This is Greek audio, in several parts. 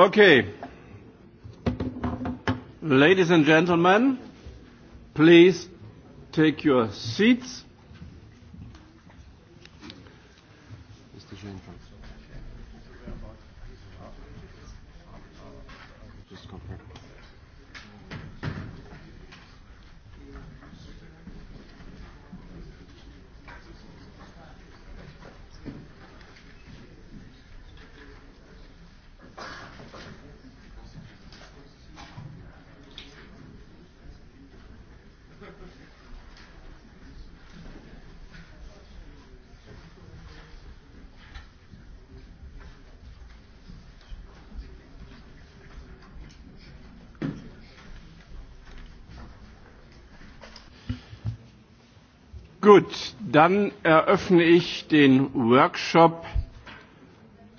Okay. Ladies and gentlemen, please take your seats. Gut, dann eröffne ich den Workshop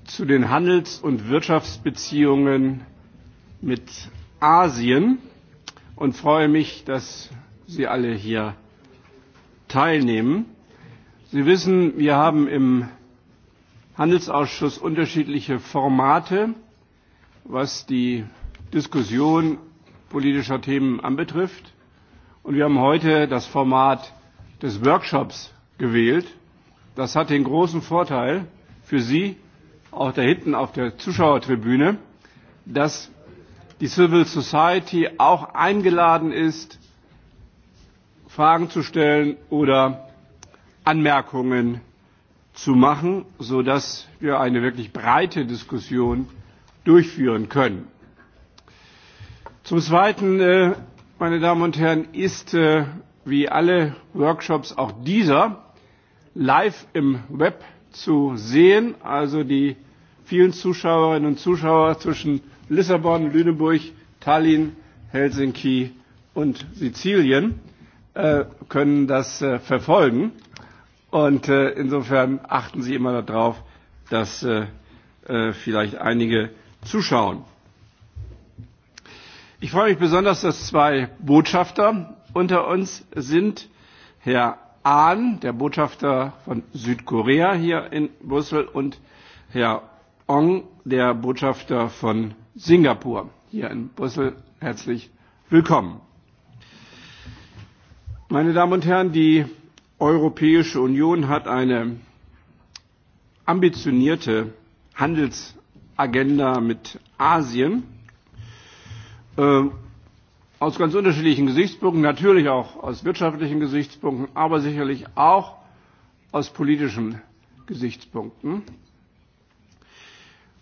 zu den Handels- und Wirtschaftsbeziehungen mit Asien und freue mich, dass Sie alle hier teilnehmen. Sie wissen, wir haben im Handelsausschuss unterschiedliche Formate, was die Diskussion politischer Themen anbetrifft. Und wir haben heute das Format des Workshops gewählt. Das hat den großen Vorteil für Sie, auch da hinten auf der Zuschauertribüne, dass die Civil Society auch eingeladen ist, Fragen zu stellen oder Anmerkungen zu machen, sodass wir eine wirklich breite Diskussion durchführen können. Zum Zweiten, meine Damen und Herren, ist wie alle Workshops auch dieser live im Web zu sehen. Also die vielen Zuschauerinnen und Zuschauer zwischen Lissabon, Lüneburg, Tallinn, Helsinki und Sizilien können das verfolgen. Und insofern achten Sie immer darauf, dass vielleicht einige zuschauen. Ich freue mich besonders, dass zwei Botschafter unter uns sind Herr Ahn, der Botschafter von Südkorea hier in Brüssel, und Herr Ong, der Botschafter von Singapur hier in Brüssel. Herzlich willkommen. Meine Damen und Herren, die Europäische Union hat eine ambitionierte Handelsagenda mit Asien aus ganz unterschiedlichen Gesichtspunkten, natürlich auch aus wirtschaftlichen Gesichtspunkten, aber sicherlich auch aus politischen Gesichtspunkten.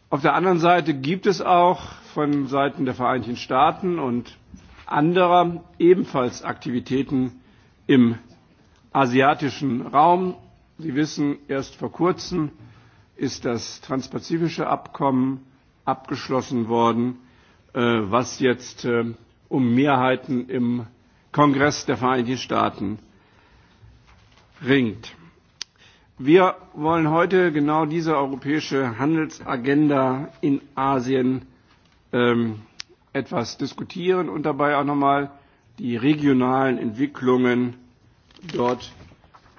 Auf der anderen Seite gibt es auch von Seiten der Vereinigten Staaten und anderer ebenfalls Aktivitäten im asiatischen Raum. Sie wissen, erst vor kurzem ist das transpazifische Abkommen abgeschlossen worden, was jetzt um Mehrheiten im Kongress der Vereinigten Staaten ringt. Wir wollen heute genau diese europäische Handelsagenda in Asien etwas diskutieren und dabei auch nochmal die regionalen Entwicklungen dort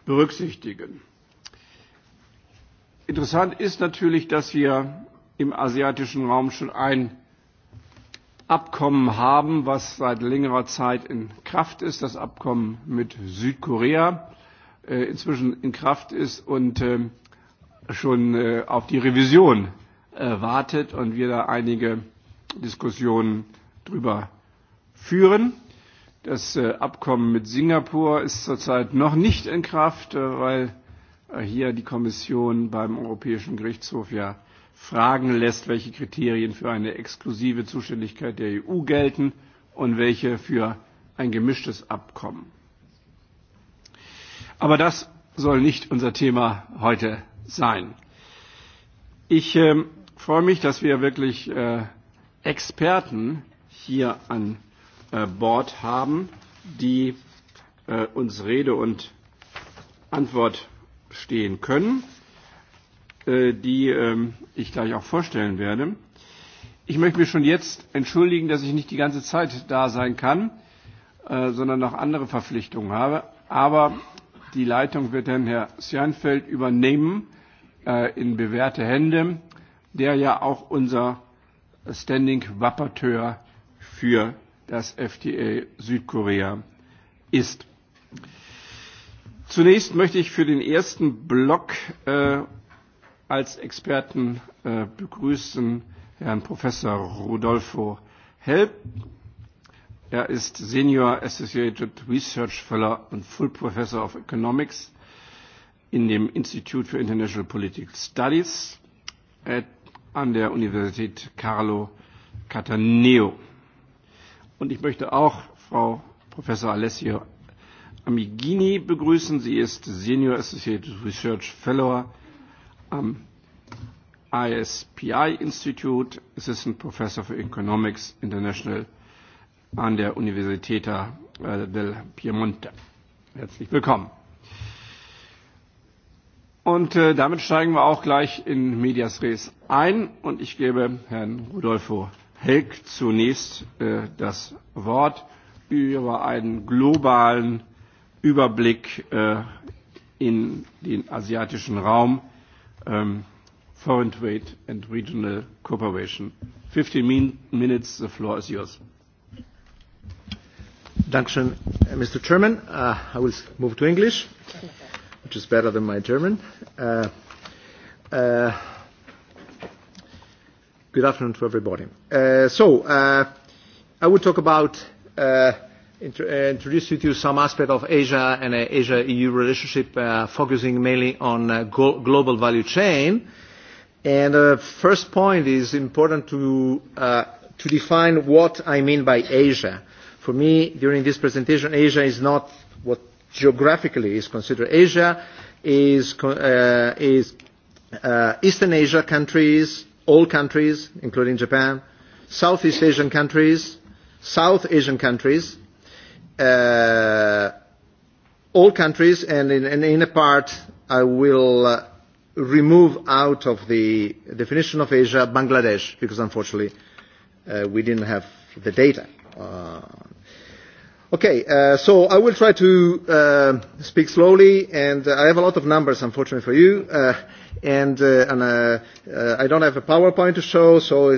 berücksichtigen. Interessant ist natürlich, dass wir im asiatischen Raum schon ein Abkommen haben, was seit längerer Zeit in Kraft ist, das Abkommen mit Südkorea inzwischen in Kraft ist und schon auf die Revision wartet und wir da einige Diskussionen darüber führen. Das Abkommen mit Singapur ist zurzeit noch nicht in Kraft, weil hier die Kommission beim Europäischen Gerichtshof ja fragen lässt, welche Kriterien für eine exklusive Zuständigkeit der EU gelten und welche für ein gemischtes Abkommen. Aber das soll nicht unser Thema heute sein. Ich freue mich, dass wir wirklich Experten hier an Bord haben, die uns Rede und Antwort stehen können die ich gleich auch vorstellen werde. Ich möchte mich schon jetzt entschuldigen, dass ich nicht die ganze Zeit da sein kann, sondern noch andere Verpflichtungen habe. Aber die Leitung wird dann Herr Sjernfeld übernehmen in bewährte Hände, der ja auch unser Standing Rapporteur für das FTA Südkorea ist. Zunächst möchte ich für den ersten Block als Experten begrüßen Herrn Professor Rudolfo Help. Er ist Senior Associated Research Fellow und Full Professor of Economics in dem Institute for International Political Studies an der Universität Carlo Cataneo. Und ich möchte auch Frau Professor Alessio Amigini begrüßen. Sie ist Senior Associated Research Fellow am ISPI Institute, Assistant Professor for Economics International an der Università del Piemonte. Herzlich willkommen. Und damit steigen wir auch gleich in Medias Res ein und ich gebe Herrn Rudolfo Helk zunächst das Wort über einen globalen Überblick in den asiatischen Raum foreign trade and regional cooperation. 15 minutes, the floor is yours. you, Mr. Chairman. I will move to English, which is better than my German. Good afternoon to everybody. So, I will talk about introduce you to some aspect of Asia and Asia-EU relationship, focusing mainly on global value chain. And the first point is important to to define what I mean by Asia. For me, during this presentation, Asia is not what geographically is considered Asia, is is Eastern Asia countries, all countries, including Japan, Southeast Asian countries, South Asian countries all countries and in a part I will remove out of the definition of Asia Bangladesh because unfortunately we didn't have the data. Okay, so I will try to speak slowly and I have a lot of numbers unfortunately for you and I don't have a PowerPoint to show so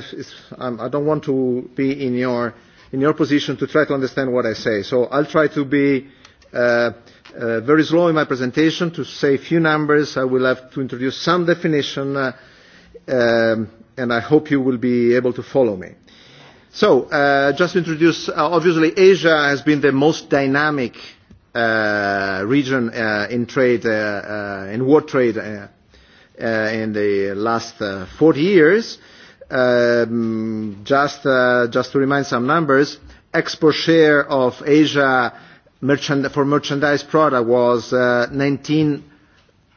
I don't want to be in your in your position to try to understand what I say. So I'll try to be very slow in my presentation, to say a few numbers. I will have to introduce some definition, and I hope you will be able to follow me. So just to introduce, obviously Asia has been the most dynamic region in trade, in world trade in the last 40 years just just to remind some numbers, export share of Asia for merchandise product was 19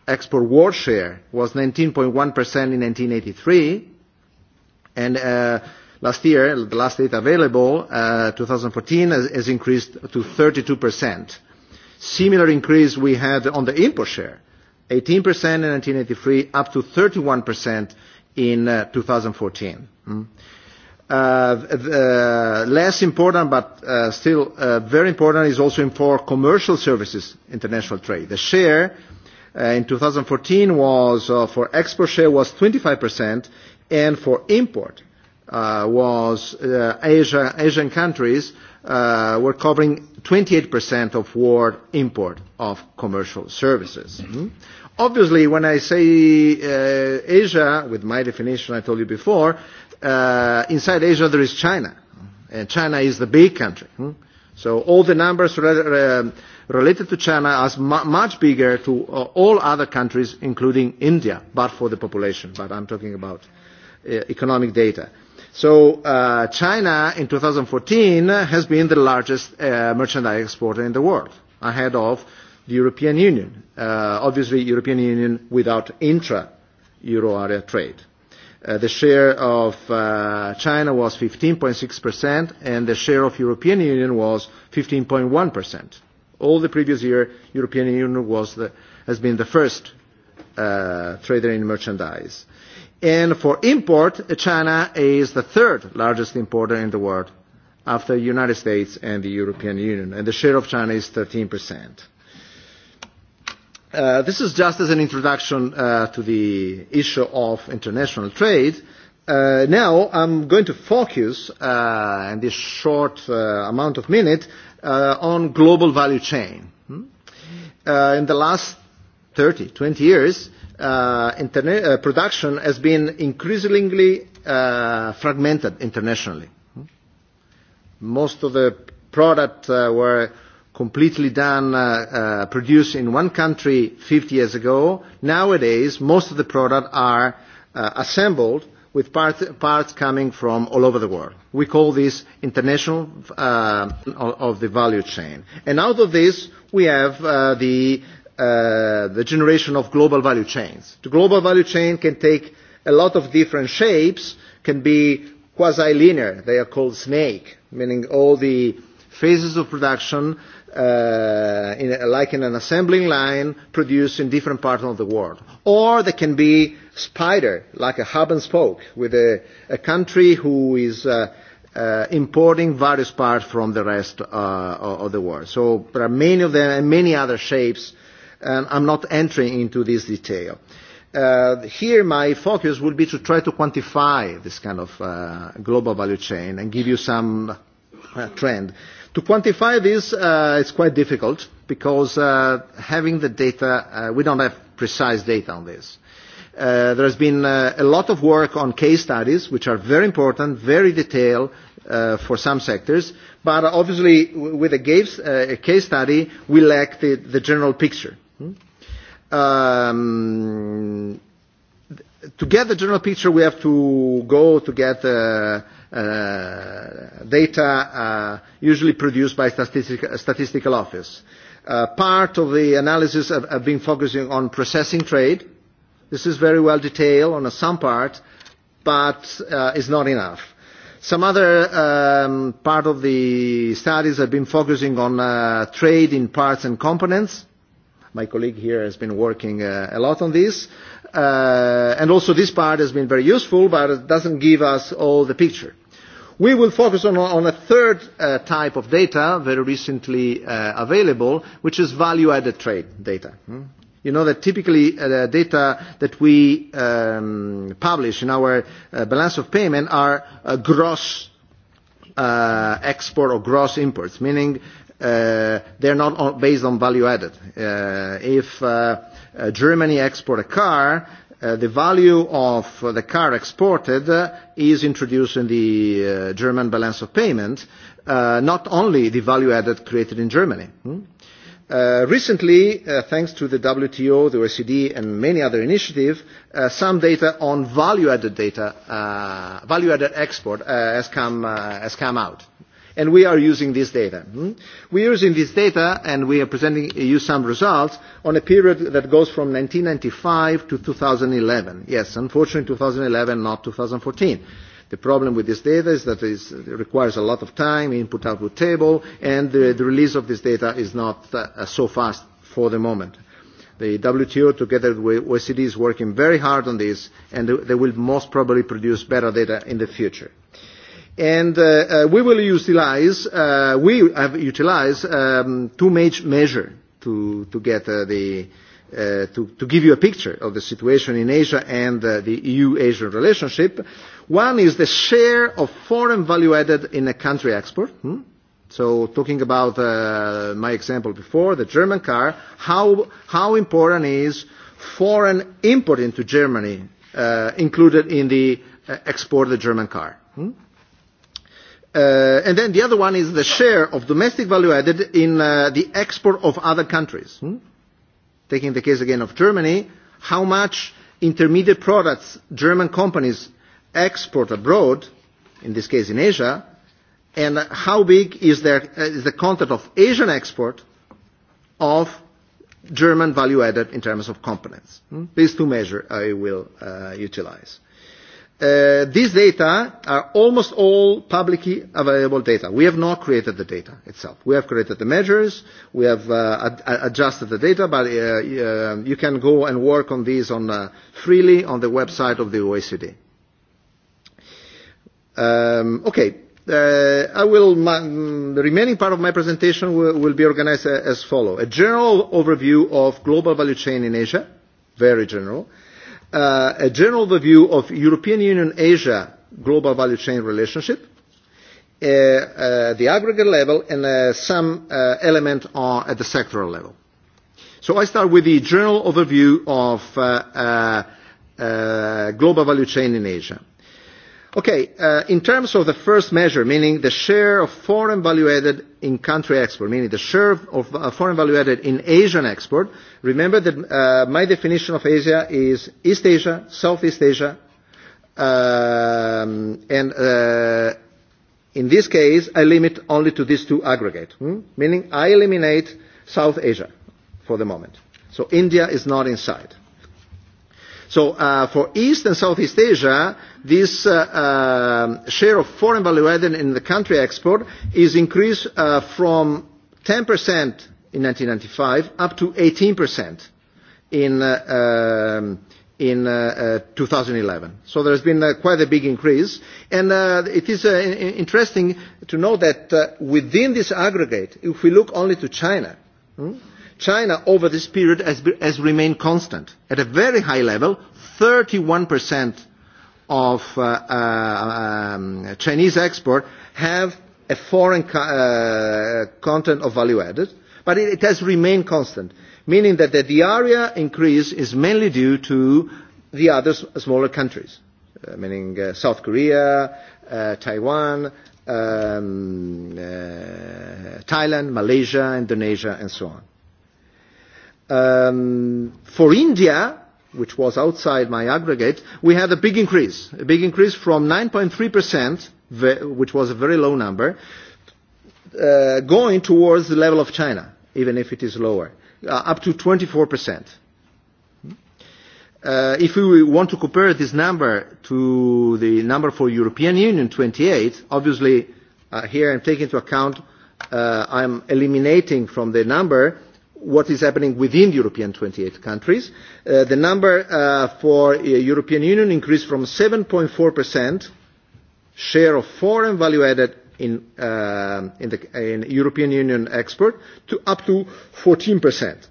export war share was 19.1% in 1983 and last year the last data available 2014 has increased to 32%. Similar increase we had on the import share 18% in 1983 up to 31% in 2014. Less important, but still very important, is also for commercial services international trade. The share in 2014 was for export share was 25%, and for import was Asian countries were covering 28% of world import of commercial services. Obviously, when I say Asia, with my definition I told you before, inside Asia there is China. And China is the big country. So all the numbers related to China are much bigger to all other countries, including India, but for the population. But I'm talking about economic data. So China in 2014 has been the largest merchandise exporter in the world, ahead of the European Union. Obviously, European Union without intra-euro area trade. The share of China was 15.6% and the share of European Union was 15.1%. All the previous year, European Union was has been the first trader in merchandise. And for import, China is the third largest importer in the world after the United States and the European Union. And the share of China is 13%. This is just as an introduction to the issue of international trade. Now I'm going to focus in this short amount of minute on global value chain. In the last 30, 20 years, production has been increasingly fragmented internationally. Most of the products were completely done, produced in one country 50 years ago. Nowadays, most of the products are assembled with parts coming from all over the world. We call this international of the value chain. And out of this, we have the the generation of global value chains. The global value chain can take a lot of different shapes, can be quasi-linear. They are called snake, meaning all the phases of production like in an assembling line produced in different parts of the world. Or they can be spider, like a hub and spoke, with a country who is importing various parts from the rest of the world. So there are many of them and many other shapes, and I'm not entering into this detail. Here my focus will be to try to quantify this kind of global value chain and give you some trend. To quantify this it's quite difficult because having the data, we don't have precise data on this. There has been a lot of work on case studies, which are very important, very detailed for some sectors, but obviously with a case study we lack the general picture. To get the general picture, we have to go to get data usually produced by statistical office. Part of the analysis have been focusing on processing trade. This is very well detailed on some part, but is not enough. Some other part of the studies have been focusing on trade in parts and components. My colleague here has been working a lot on this. And also this part has been very useful, but it doesn't give us all the picture. We will focus on a third type of data very recently available, which is value-added trade data. You know that typically the data that we publish in our balance of payment are gross export or gross imports, meaning they're not based on value-added. If Germany exports a car, the value of the car exported is introduced in the German balance of payment, not only the value added created in Germany. Recently, thanks to the WTO, the OECD and many other initiatives, some data on value added data value added export has come out and we are using this data. We are using this data and we are presenting you some results on a period that goes from 1995 to 2011. Yes, unfortunately 2011, not 2014. The problem with this data is that it requires a lot of time, input-output table, and the release of this data is not so fast for the moment. The WTO, together with OECD, is working very hard on this, and they will most probably produce better data in the future. And we will utilize, we have utilized two major measures to to get the to to give you a picture of the situation in Asia and the EU-Asian relationship. One is the share of foreign value added in a country export. So talking about my example before, the German car, how how important is foreign import into Germany included in the export of the German car? And then the other one is the share of domestic value added in the export of other countries. Taking the case again of Germany, how much intermediate products German companies export abroad, in this case in Asia, and how big is the content of Asian export of German value added in terms of components. These two measures I will utilize. These data are almost all publicly available data. We have not created the data itself. We have created the measures, we have adjusted the data, but you can go and work on these on freely on the website of the OECD. Okay, I will the remaining part of my presentation will be organized as follows: a general overview of global value chain in Asia, very general a general overview of European Union Asia global value chain relationship the aggregate level and some element at the sectoral level. So I start with the general overview of global value chain in Asia. Okay, in terms of the first measure, meaning the share of foreign value added in country export, meaning the share of foreign value added in Asian export, remember that my definition of Asia is East Asia, Southeast Asia, and in this case I limit only to these two aggregate, meaning I eliminate South Asia for the moment. So India is not inside. So for East and Southeast Asia, this share of foreign value added in the country export is increased from 10% in 1995 up to 18% in in 2011. So there has been quite a big increase. And it is interesting to know that within this aggregate, if we look only to China, China over this period has remained constant. At a very high level, 31% of Chinese export have a foreign content of value added, but it has remained constant, meaning that the area increase is mainly due to the other smaller countries, meaning South Korea, Taiwan, Thailand, Malaysia, Indonesia, and so on. For India, which was outside my aggregate, we had a big increase, a big increase from 9.3%, which was a very low number, going towards the level of China, even if it is lower, up to 24%. If we want to compare this number to the number for European Union, 28, obviously here I'm taking into account, I'm eliminating from the number what is happening within European 28 countries. The number for European Union increased from 7.4% share of foreign value added in in European Union export to up to 14%.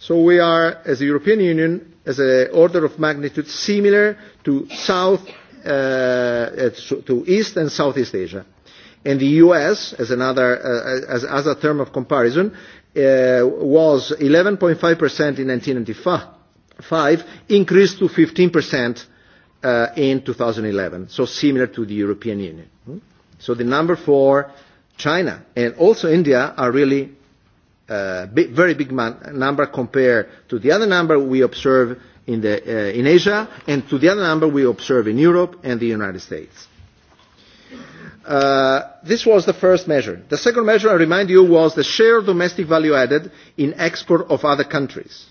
So we are, as a European Union, as an order of magnitude similar to South, to East and Southeast Asia. And the US, as another, as a term of comparison, was 11.5% in 1995, increased to 15% in 2011, so similar to the European Union. So the number for China and also India are really a very big number compared to the other number we observe in Asia and to the other number we observe in Europe and the United States. This was the first measure. The second measure, I remind you, was the share of domestic value added in export of other countries.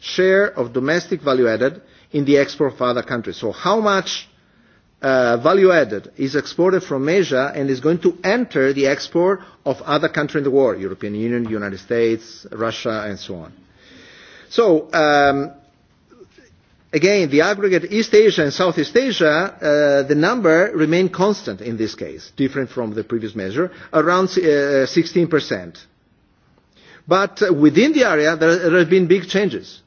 Share of domestic value added in the export of other countries. So how much value added is exported from Asia and is going to enter the export of other countries in the world, European Union, United States, Russia, and so on. So Again, the aggregate East Asia and Southeast Asia, the number remained constant in this case, different from the previous measure, around 16%. But within the area, there have been big changes.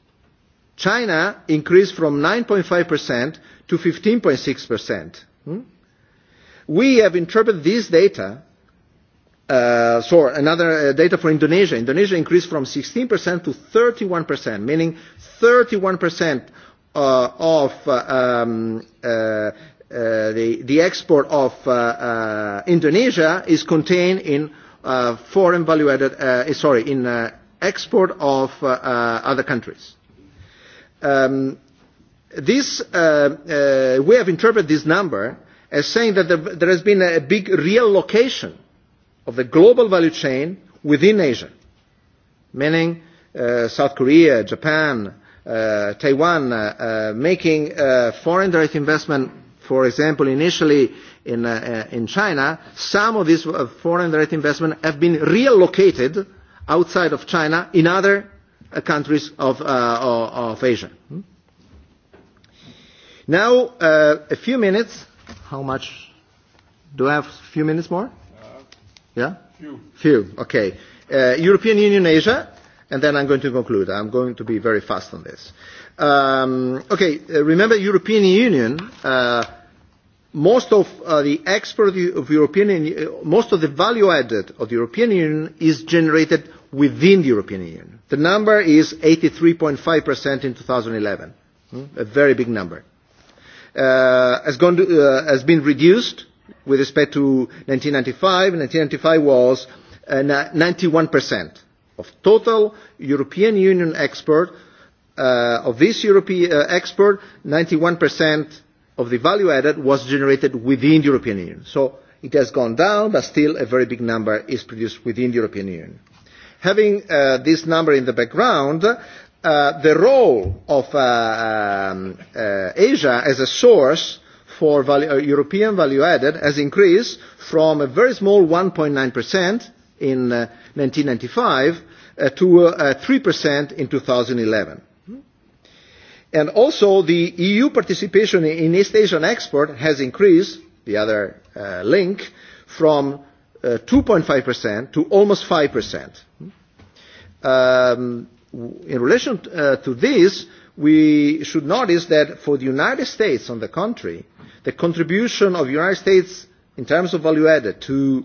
China increased from 9.5% to 15.6%. We have interpreted this data, so another data for Indonesia. Indonesia increased from 16% to 31%, meaning 31% of the export of Indonesia is contained in foreign value uh sorry in export of other countries. This we have interpreted this number as saying that there has been a big reallocation of the global value chain within Asia, meaning South Korea, Japan Taiwan, making foreign direct investment, for example, initially in in China, some of these foreign direct investment have been reallocated outside of China in other countries of of Asia. Now, a few minutes. How much? Do I have a few minutes more? Yeah? Few. Few, okay. European Union Asia and then I'm going to conclude. I'm going to be very fast on this. Okay, remember European Union, most of the export of European, most of the value added of the European Union is generated within the European Union. The number is 83.5% in 2011, a very big number. Has been reduced with respect to 1995. 1995 was 91% of total European Union export of this European export, 91% of the value added was generated within the European Union. So it has gone down, but still a very big number is produced within the European Union. Having this number in the background, the role of Asia as a source for European value added has increased from a very small 1.9% in 1995 to 3% in 2011. And also the EU participation in East Asian export has increased, the other link, from 2.5% to almost 5%. In relation to this, we should notice that for the United States, on the contrary, the contribution of the United States in terms of value added to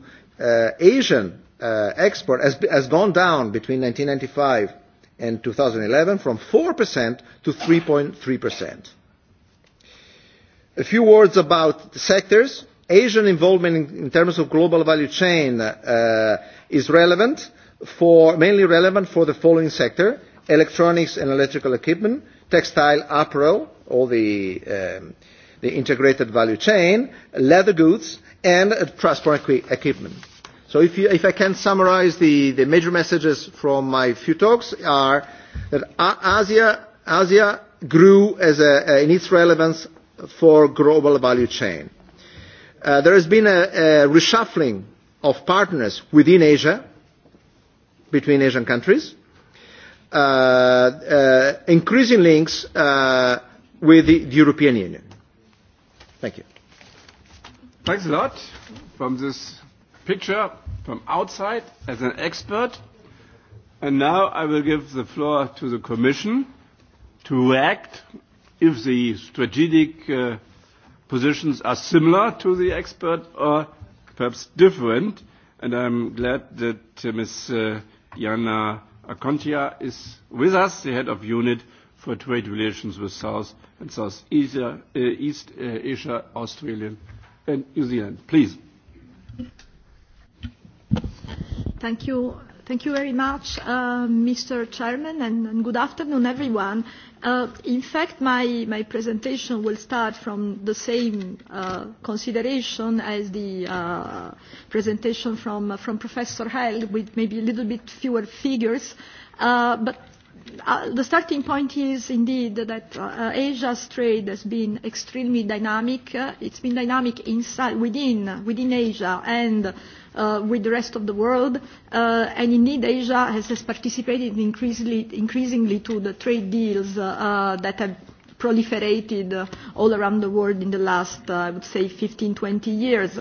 Asian export has gone down between 1995 and 2011 from 4% to 3.3%. A few words about sectors. Asian involvement in terms of global value chain is relevant for mainly relevant for the following sector: electronics and electrical equipment, textile apparel, all the integrated value chain, leather goods and transport equipment. So if I can summarize the major messages from my few talks are that Asia grew in its relevance for global value chain. There has been a reshuffling of partners within Asia, between Asian countries, increasing links with the European Union. Thank you. Thanks a lot from this picture from outside as an expert. And now I will give the floor to the Commission to react if the strategic positions are similar to the expert or perhaps different. And I'm glad that Ms. Jana Akontia is with us, the head of unit for trade relations with South and South East Asia, Australia and New Zealand. Please. Thank you. Thank you very much, Mr. Chairman, and good afternoon, everyone. In fact, my my presentation will start from the same consideration as the presentation from from Professor Hell, with maybe a little bit fewer figures. But The starting point is indeed that Asia's trade has been extremely dynamic. It's been dynamic inside, within, within Asia and with the rest of the world. And indeed, Asia has participated increasingly, increasingly to the trade deals that have proliferated all around the world in the last, I would say, 15, 20 years.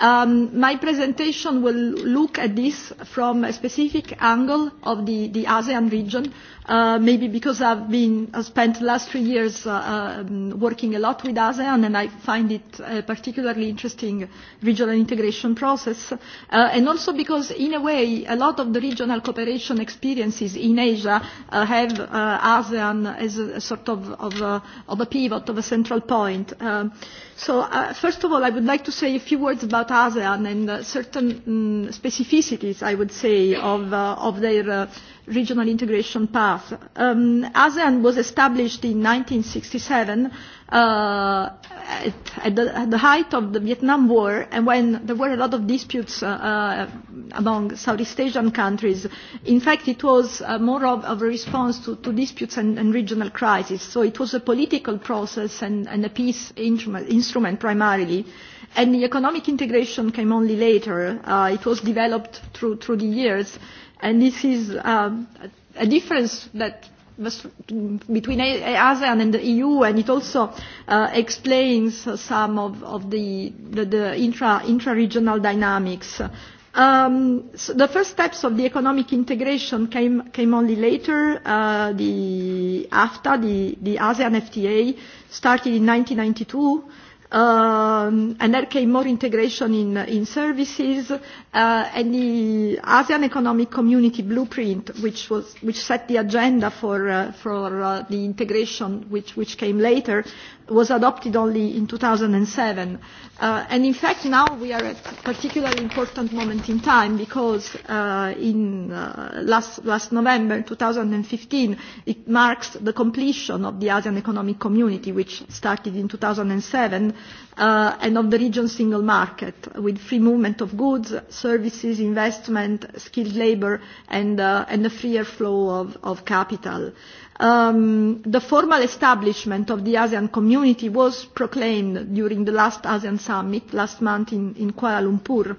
My presentation will look at this from a specific angle of the the ASEAN region, maybe because I've been spent the last three years working a lot with ASEAN and I find it a particularly interesting regional integration process and also because in a way a lot of the regional cooperation experiences in Asia have ASEAN as a sort of a pivot, of a central point. So first of all I would like to say a few words about ASEAN and certain specificities I would say of their regional integration path. ASEAN was established in 1967 at the height of the Vietnam War and when there were a lot of disputes among Southeast Asian countries. In fact, it was more of a response to disputes and regional crises. So it was a political process and a peace instrument primarily. And the economic integration came only later. It was developed through the years And this is a difference that between ASEAN and the EU, and it also explains some of the intra-regional dynamics. The first steps of the economic integration came only later. The AFTA, the ASEAN FTA, started in 1992 and there came more integration in in services, and the ASEAN Economic Community Blueprint, which which set the agenda for for the integration, which which came later, was adopted only in 2007. And in fact now we are at a particularly important moment in time because in last November 2015 it marks the completion of the ASEAN Economic Community which started in 2007 and of the region single market with free movement of goods, services, investment, skilled labor and a freer flow of capital. The formal establishment of the ASEAN Community was proclaimed during the last ASEAN Summit last month in Kuala Lumpur,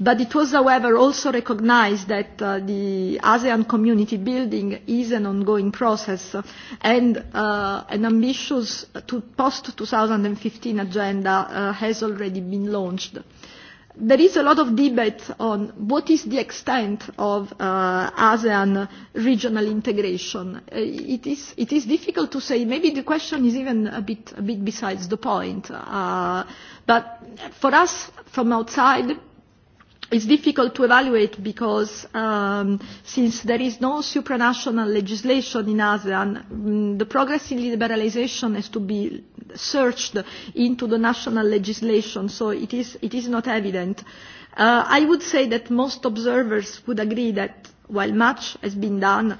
but it was, however, also recognised that the ASEAN Community building is an ongoing process and an ambitious post-2015 agenda has already been launched. There is a lot of debate on what is the extent of ASEAN regional integration. It is difficult to say. Maybe the question is even a bit a bit besides the point. But for us, from outside, It's difficult to evaluate because since there is no supranational legislation in ASEAN, the progress in liberalisation has to be searched into the national legislation, so it is not evident. I would say that most observers would agree that while much has been done,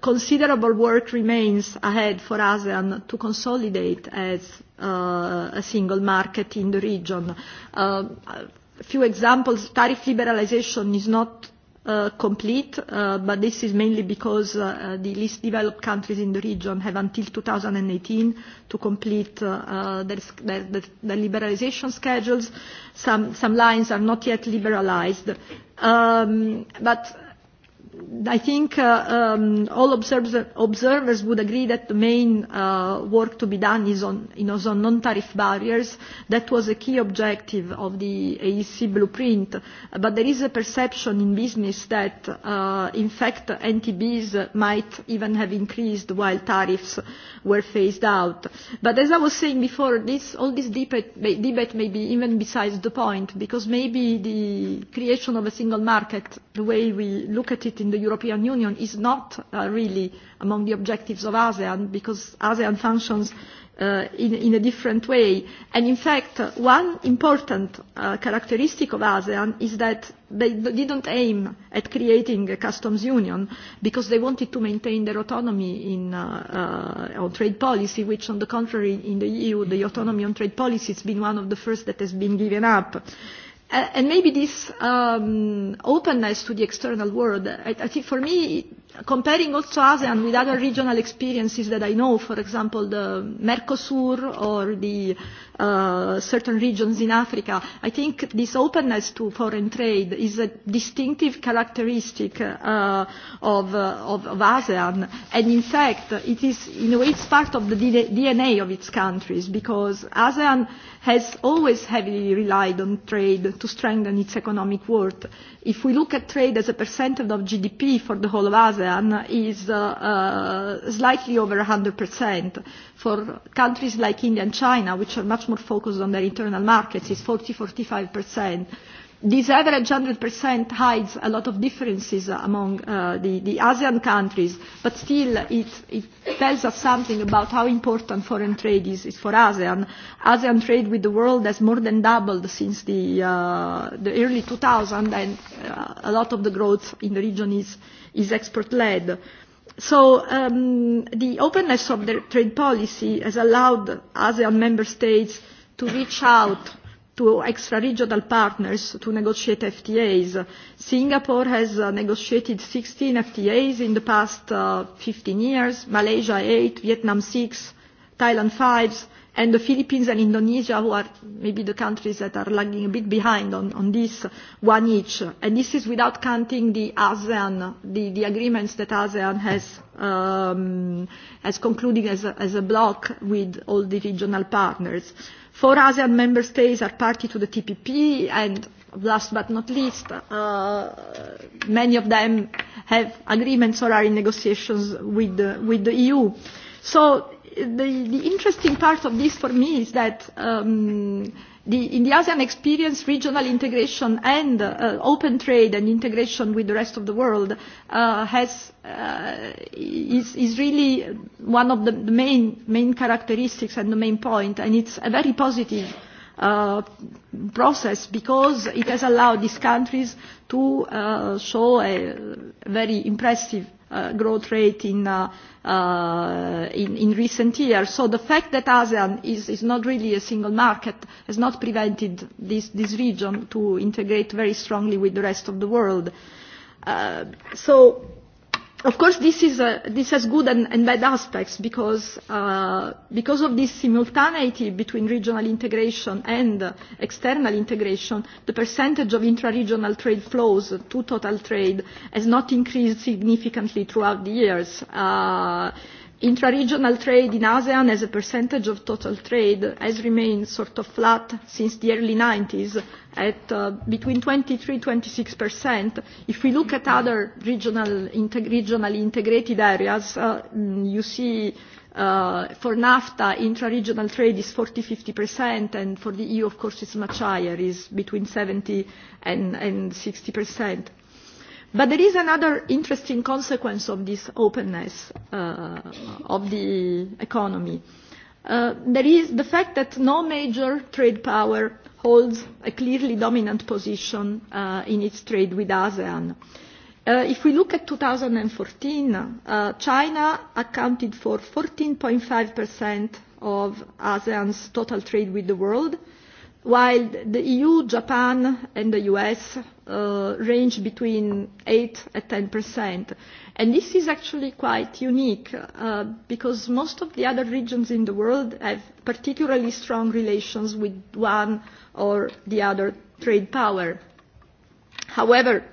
considerable work remains ahead for ASEAN to consolidate as a single market in the region few examples, tariff liberalization is not complete, but this is mainly because the least developed countries in the region have until 2018 to complete the liberalization schedules. Some lines are not yet liberalized. But I think all observers would agree that the main work to be done is on non-tariff barriers. That was a key objective of the AEC blueprint. But there is a perception in business that, in fact, NTBs might even have increased while tariffs were phased out. But as I was saying before, this all this debate may be even besides the point, because maybe the creation of a single market, the way we look at it in the European Union is not really among the objectives of ASEAN because ASEAN functions in a different way. And in fact, one important characteristic of ASEAN is that they didn't aim at creating a customs union because they wanted to maintain their autonomy in on trade policy, which on the contrary in the EU the autonomy on trade policy has been one of the first that has been given up. And maybe this openness to the external world, I think for me, comparing also ASEAN with other regional experiences that I know, for example, the Mercosur or the certain regions in Africa. I think this openness to foreign trade is a distinctive characteristic of ASEAN and in fact it is in it's part of the DNA of its countries because ASEAN has always heavily relied on trade to strengthen its economic worth. If we look at trade as a percentage of GDP for the whole of ASEAN is slightly over 100% for countries like India and China, which are much more focused on their internal markets, is 40-45%. This average 100% hides a lot of differences among the ASEAN countries, but still it tells us something about how important foreign trade is for ASEAN. ASEAN trade with the world has more than doubled since the early 2000, and a lot of the growth in the region is export-led. So the openness of the trade policy has allowed ASEAN member states to reach out to extra-regional partners to negotiate FTAs. Singapore has negotiated 16 FTAs in the past 15 years, Malaysia 8, Vietnam 6, Thailand 5 and the Philippines and Indonesia who are maybe the countries that are lagging a bit behind on this one each. And this is without counting the ASEAN, the agreements that ASEAN has has concluded as a bloc with all the regional partners. Four ASEAN member states are party to the TPP and last but not least, many of them have agreements or are in negotiations with the EU. So the interesting part of this for me is that in the ASEAN experience, regional integration and open trade and integration with the rest of the world has is really one of the main main characteristics and the main point, and it's a very positive process because it has allowed these countries to show a very impressive growth rate in in recent years. So the fact that ASEAN is not really a single market has not prevented this this region to integrate very strongly with the rest of the world. So Of course, this is this has good and bad aspects because because of this simultaneity between regional integration and external integration, the percentage of intra-regional trade flows to total trade has not increased significantly throughout the years. Intra-regional trade in ASEAN as a percentage of total trade has remained sort of flat since the early 90s at between 23-26%. If we look at other regionally integrated areas, you see for NAFTA, intra-regional trade is 40-50%, and for the EU, of course, it's much higher, is between 70 and 60%. But there is another interesting consequence of this openness of the economy. There is the fact that no major trade power holds a clearly dominant position in its trade with ASEAN. If we look at 2014, China accounted for 14.5% of ASEAN's total trade with the world while the EU, Japan and the US range between 8 and 10%. And this is actually quite unique because most of the other regions in the world have particularly strong relations with one or the other trade power. However,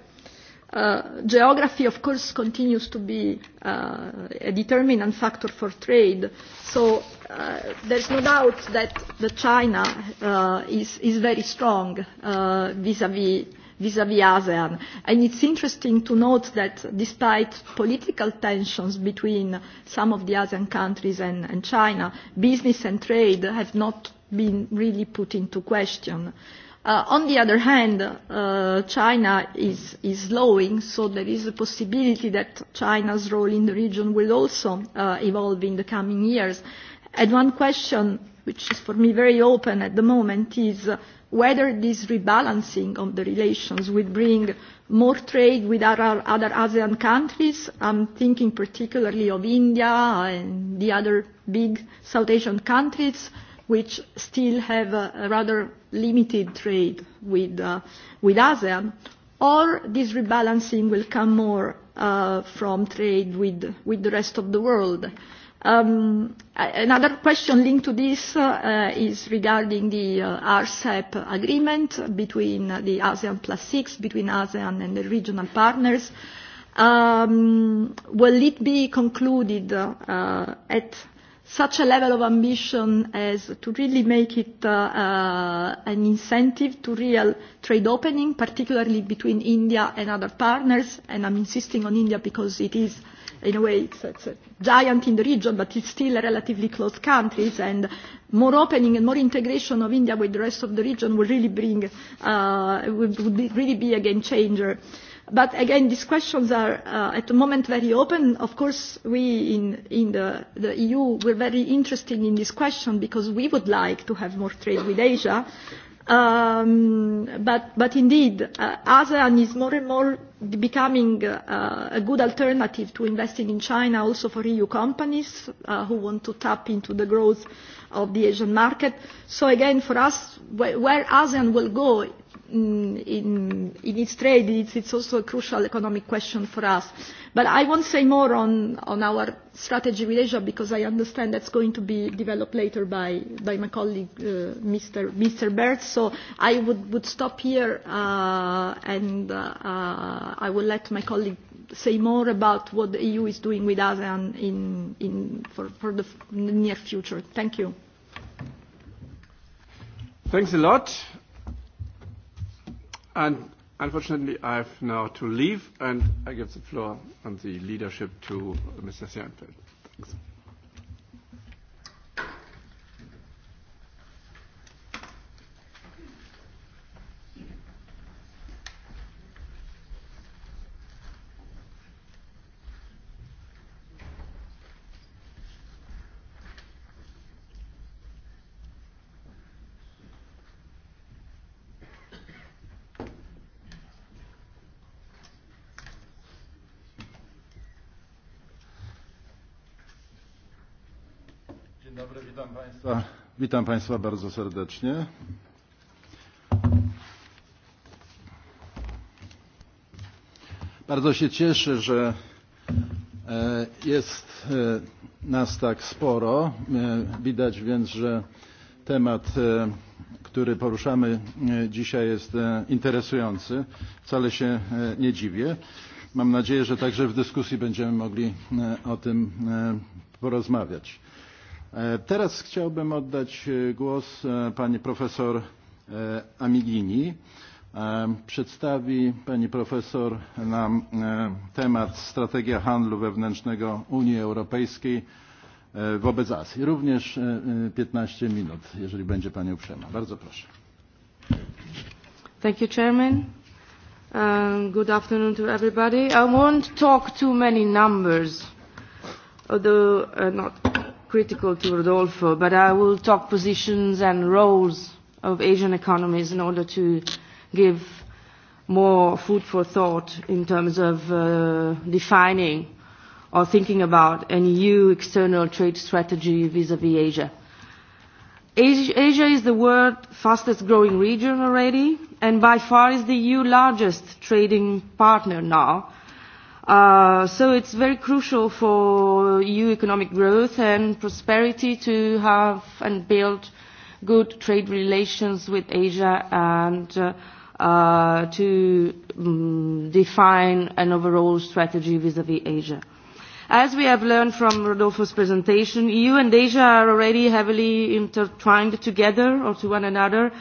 Geography, of course, continues to be a determinant factor for trade. So there's no doubt that the China is is very strong vis-à-vis vis-à-vis ASEAN. And it's interesting to note that despite political tensions between some of the ASEAN countries and China, business and trade have not been really put into question. On the other hand, China is slowing, so there is a possibility that China's role in the region will also evolve in the coming years. And one question, which is for me very open at the moment, is whether this rebalancing of the relations will bring more trade with other ASEAN countries. I'm thinking particularly of India and the other big South Asian countries, which still have a rather limited trade with ASEAN, or this rebalancing will come more from trade with the rest of the world. Another question linked to this is regarding the RCEP agreement between the ASEAN plus six, between ASEAN and the regional partners. Will it be concluded at such a level of ambition as to really make it an incentive to real trade opening, particularly between India and other partners. And I'm insisting on India because it is, in a way, it's a giant in the region, but it's still a relatively closed country. And more opening and more integration of India with the rest of the region will really bring, would really be a game changer But again, these questions are at the moment very open. Of course, we in the EU were very interested in this question because we would like to have more trade with Asia. But indeed, ASEAN is more and more becoming a good alternative to investing in China also for EU companies who want to tap into the growth of the Asian market. So again, for us, where ASEAN will go in its trade, it's also a crucial economic question for us. But I won't say more on our strategy with Asia because I understand that's going to be developed later by my colleague, Mr. Bert. So I would stop here and I will let my colleague say more about what the EU is doing with ASEAN for the near future. Thank you. Thanks a lot. And unfortunately, I have now to leave, and I give the floor on the leadership to Mr. Seinfeld. Thanks. Witam Państwa bardzo serdecznie. Bardzo się cieszę, że jest nas tak sporo. Widać więc, że temat, który poruszamy dzisiaj jest interesujący. Wcale się nie dziwię. Mam nadzieję, że także w dyskusji będziemy mogli o tym porozmawiać. Teraz chciałbym oddać głos pani profesor Amigini. Przedstawi pani profesor nam temat strategia handlu wewnętrznego Unii Europejskiej wobec Azji. Również 15 minut, jeżeli będzie pani uprzejma. Bardzo proszę. Thank you, Chairman. Good afternoon to everybody. I won't talk too many numbers, although critical to Rodolfo, but I will talk positions and roles of Asian economies in order to give more food for thought in terms of defining or thinking about an EU external trade strategy vis-à-vis Asia. Asia is the world's fastest growing region already and by far is the EU largest trading partner now So it's very crucial for EU economic growth and prosperity to have and build good trade relations with Asia and to define an overall strategy vis-à-vis Asia. As we have learned from Rodolfo's presentation, EU and Asia are already heavily intertwined together or to one another,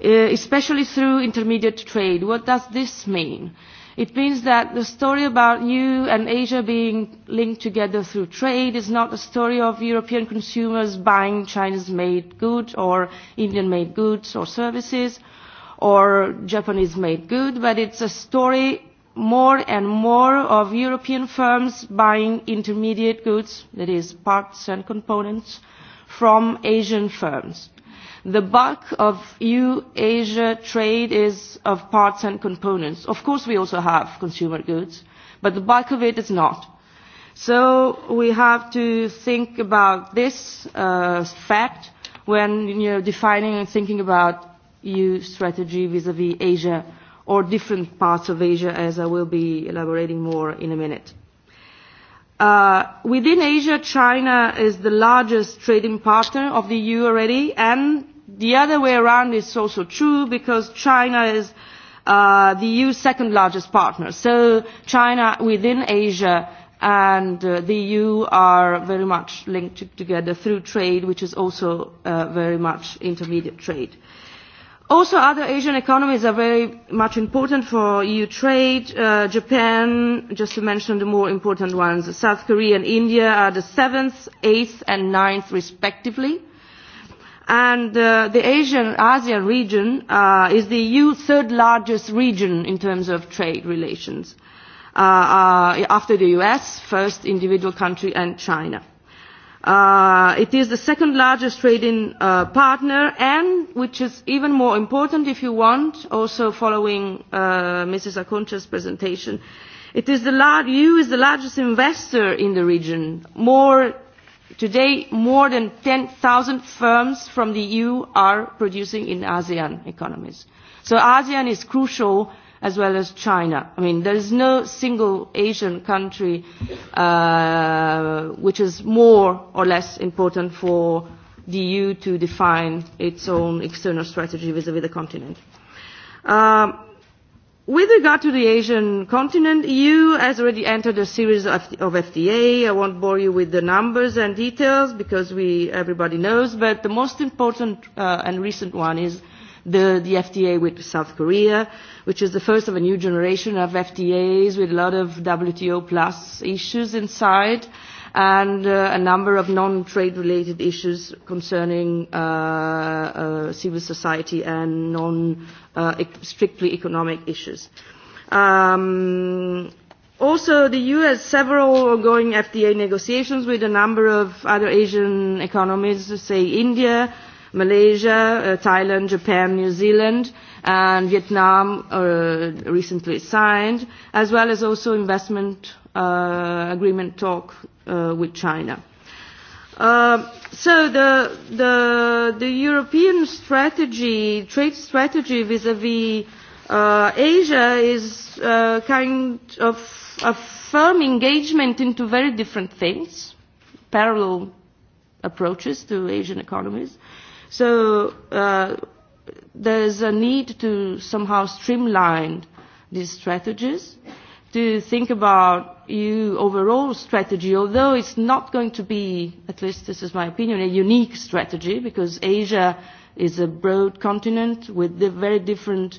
especially through intermediate trade. What does this mean? It means that the story about you and Asia being linked together through trade is not a story of European consumers buying Chinese-made goods or Indian-made goods or services or Japanese-made goods, but it's a story more and more of European firms buying intermediate goods, that is, parts and components, from Asian firms. The bulk of EU-Asia trade is of parts and components. Of course, we also have consumer goods, but the bulk of it is not. So we have to think about this fact when defining and thinking about EU strategy vis-à-vis Asia or different parts of Asia, as I will be elaborating more in a minute. Within Asia, China is the largest trading partner of the EU already and the other way around is also true because China is the EU's second largest partner. So China within Asia and the EU are very much linked together through trade, which is also very much intermediate trade. Also, other Asian economies are very much important for EU trade. Japan, just to mention the more important ones, South Korea and India are the seventh, eighth and ninth respectively and the asian asia region is the eu's third largest region in terms of trade relations after the us first individual country and china it is the second largest trading partner and which is even more important if you want also following mrs akuncha's presentation it is the eu is the largest investor in the region more Today, more than 10,000 firms from the EU are producing in ASEAN economies. So ASEAN is crucial as well as China. I mean, there is no single Asian country which is more or less important for the EU to define its own external strategy vis-à-vis the continent. Um With regard to the Asian continent, EU has already entered a series of FTA. I won't bore you with the numbers and details because we everybody knows, but the most important and recent one is the FTA with South Korea, which is the first of a new generation of FTAs with a lot of WTO plus issues inside and a number of non-trade related issues concerning civil society and non strictly economic issues. Also, the EU has several ongoing FDA negotiations with a number of other Asian economies, say India, Malaysia, Thailand, Japan, New Zealand and Vietnam recently signed, as well as also investment agreement talk with China. So the the the European strategy, trade strategy vis-à-vis Asia is a kind of a firm engagement into very different things, parallel approaches to Asian economies. So there's a need to somehow streamline these strategies, to think about EU overall strategy, although it's not going to be, at least this is my opinion, a unique strategy because Asia is a broad continent with very different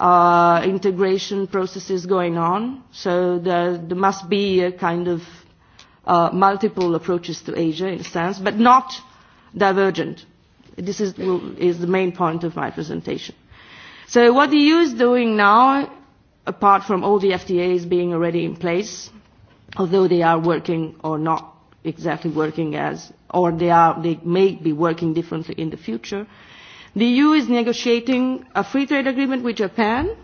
integration processes going on. So there must be a kind of multiple approaches to Asia in a sense, but not divergent. This is the main point of my presentation. So what the EU is doing now, apart from all the FTAs being already in place, although they are working or not exactly working as, or they, are, they may be working differently in the future. The EU is negotiating a free trade agreement with Japan,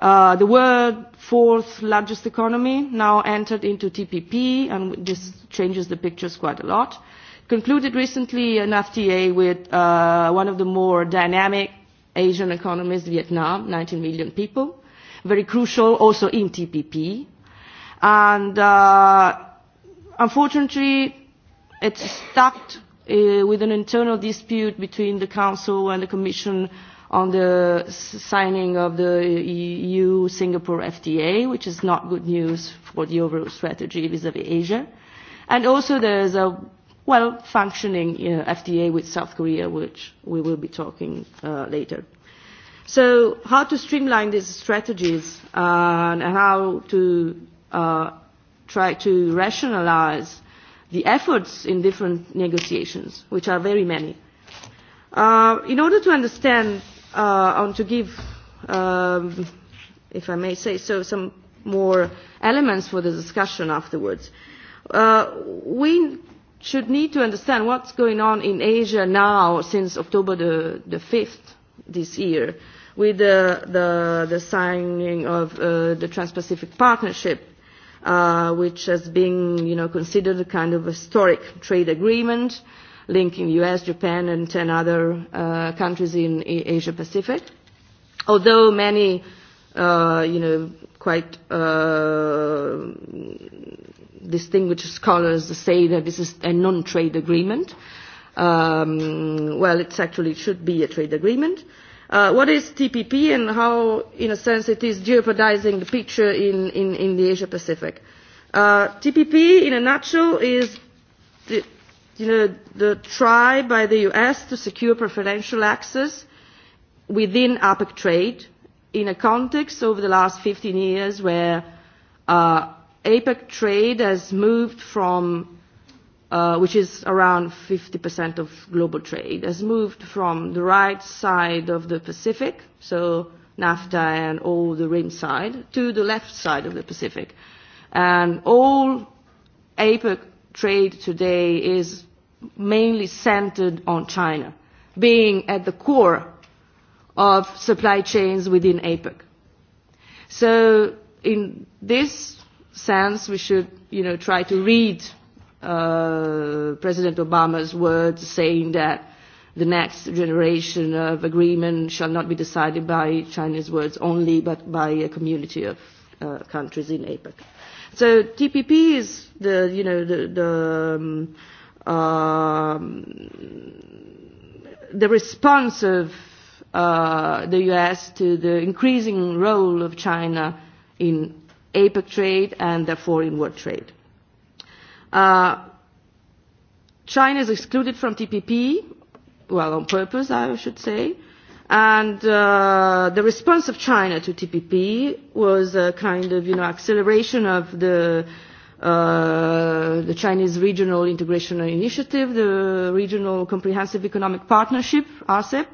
uh, the world's fourth largest economy, now entered into TPP, and this changes the pictures quite a lot. Concluded recently an FTA with uh, one of the more dynamic Asian economies, Vietnam, 19 million people. Very crucial also in TPP, And unfortunately, it's stuck with an internal dispute between the Council and the Commission on the signing of the EU-Singapore FTA, which is not good news for the overall strategy vis-à-vis Asia. And also there is a well-functioning FTA with South Korea, which we will be talking later. So how to streamline these strategies and how to try to rationalize the efforts in different negotiations, which are very many. In order to understand and to give, if I may say so, some more elements for the discussion afterwards, we should need to understand what's going on in Asia now since October the 5th this year with the signing of the Trans-Pacific Partnership which has been you know considered a kind of historic trade agreement linking US Japan and 10 other countries in Asia Pacific although many you know quite distinguished scholars say that this is a non trade agreement well it actually should be a trade agreement What is TPP and how, in a sense, it is jeopardizing the picture in in the Asia Pacific? TPP, in a nutshell, is the try by the US to secure preferential access within APEC trade in a context over the last 15 years where APEC trade has moved from which is around 50% of global trade, has moved from the right side of the Pacific, so NAFTA and all the rim side, to the left side of the Pacific. And all APEC trade today is mainly centered on China, being at the core of supply chains within APEC. So in this sense, we should, you know, try to read President Obama's words saying that the next generation of agreement shall not be decided by Chinese words only, but by a community of countries in APEC. So TPP is the, you know, the, the, the response of the U.S. to the increasing role of China in APEC trade and therefore in world trade. China is excluded from TPP, well, on purpose, I should say. And the response of China to TPP was a kind of, you know, acceleration of the the Chinese Regional Integration Initiative, the Regional Comprehensive Economic Partnership, RCEP,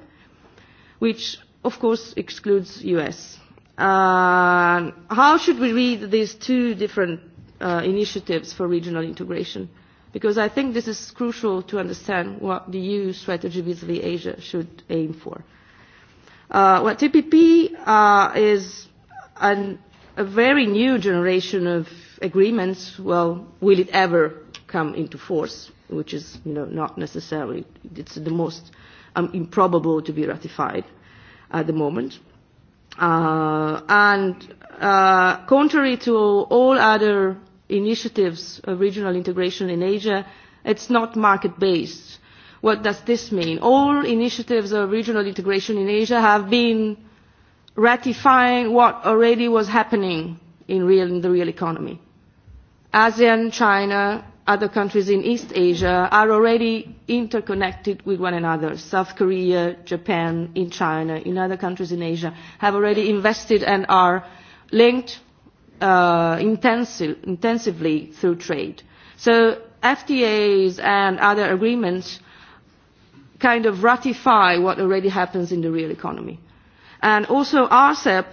which, of course, excludes U.S. How should we read these two different initiatives for regional integration, because I think this is crucial to understand what the EU strategy vis-à-vis Asia should aim for. What TPP is a very new generation of agreements. Well, will it ever come into force? Which is, you know, not necessarily. It's the most improbable to be ratified at the moment. And Contrary to all other initiatives of regional integration in Asia, it's not market-based. What does this mean? All initiatives of regional integration in Asia have been ratifying what already was happening in the real economy. ASEAN, China, other countries in East Asia are already interconnected with one another. South Korea, Japan, in China, in other countries in Asia have already invested and are linked intensively through trade. So FTAs and other agreements kind of ratify what already happens in the real economy. And also RCEP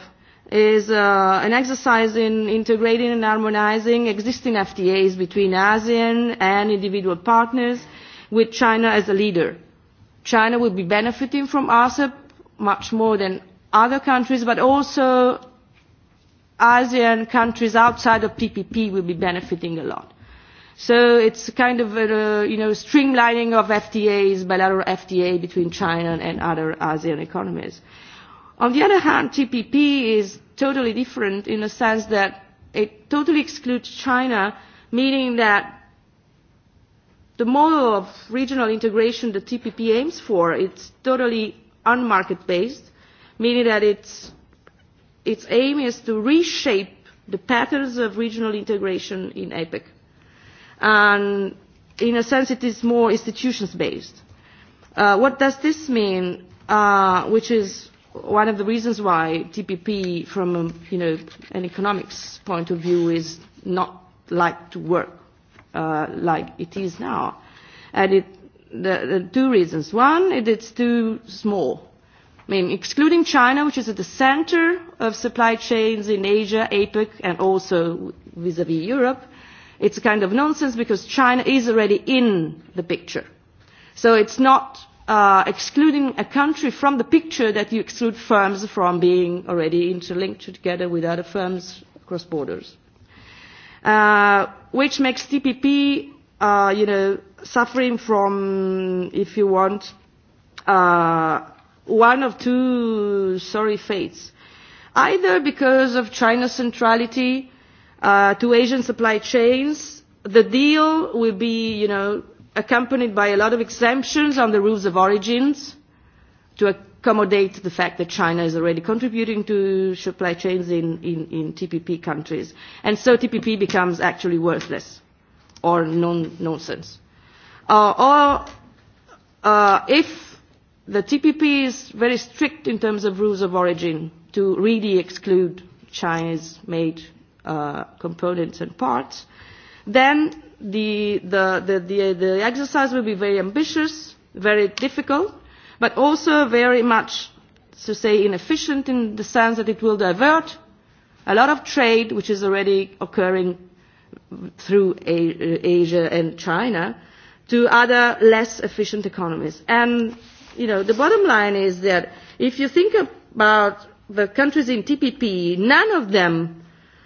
is an exercise in integrating and harmonizing existing FTAs between ASEAN and individual partners with China as a leader. China will be benefiting from RCEP much more than other countries, but also ASEAN countries outside of PPP will be benefiting a lot. So it's kind of a you know streamlining of FTAs, bilateral FTA between China and other ASEAN economies. On the other hand, TPP is totally different in the sense that it totally excludes China, meaning that the model of regional integration that TPP aims for, it's totally unmarket-based, meaning that it's Its aim is to reshape the patterns of regional integration in APEC. And in a sense, it is more institutions-based. What does this mean, which is one of the reasons why TPP, from you know an economics point of view, is not like to work like it is now. And the two reasons. One, it's too small. I mean, excluding China, which is at the center of supply chains in Asia, APEC, and also vis-à-vis Europe. It's a kind of nonsense because China is already in the picture. So it's not excluding a country from the picture that you exclude firms from being already interlinked together with other firms across borders. Which makes TPP, you know, suffering from, if you want, one of two sorry fates either because of China's centrality to Asian supply chains. The deal will be, you know, accompanied by a lot of exemptions on the rules of origins to accommodate the fact that China is already contributing to supply chains in, in, in TPP countries. And so TPP becomes actually worthless or non nonsense. or if the TPP is very strict in terms of rules of origin, to really exclude Chinese-made components and parts. Then the the exercise will be very ambitious, very difficult, but also very much, to say, inefficient in the sense that it will divert a lot of trade which is already occurring through Asia and China to other less efficient economies. And, you know, the bottom line is that if you think about the countries in TPP, none of them,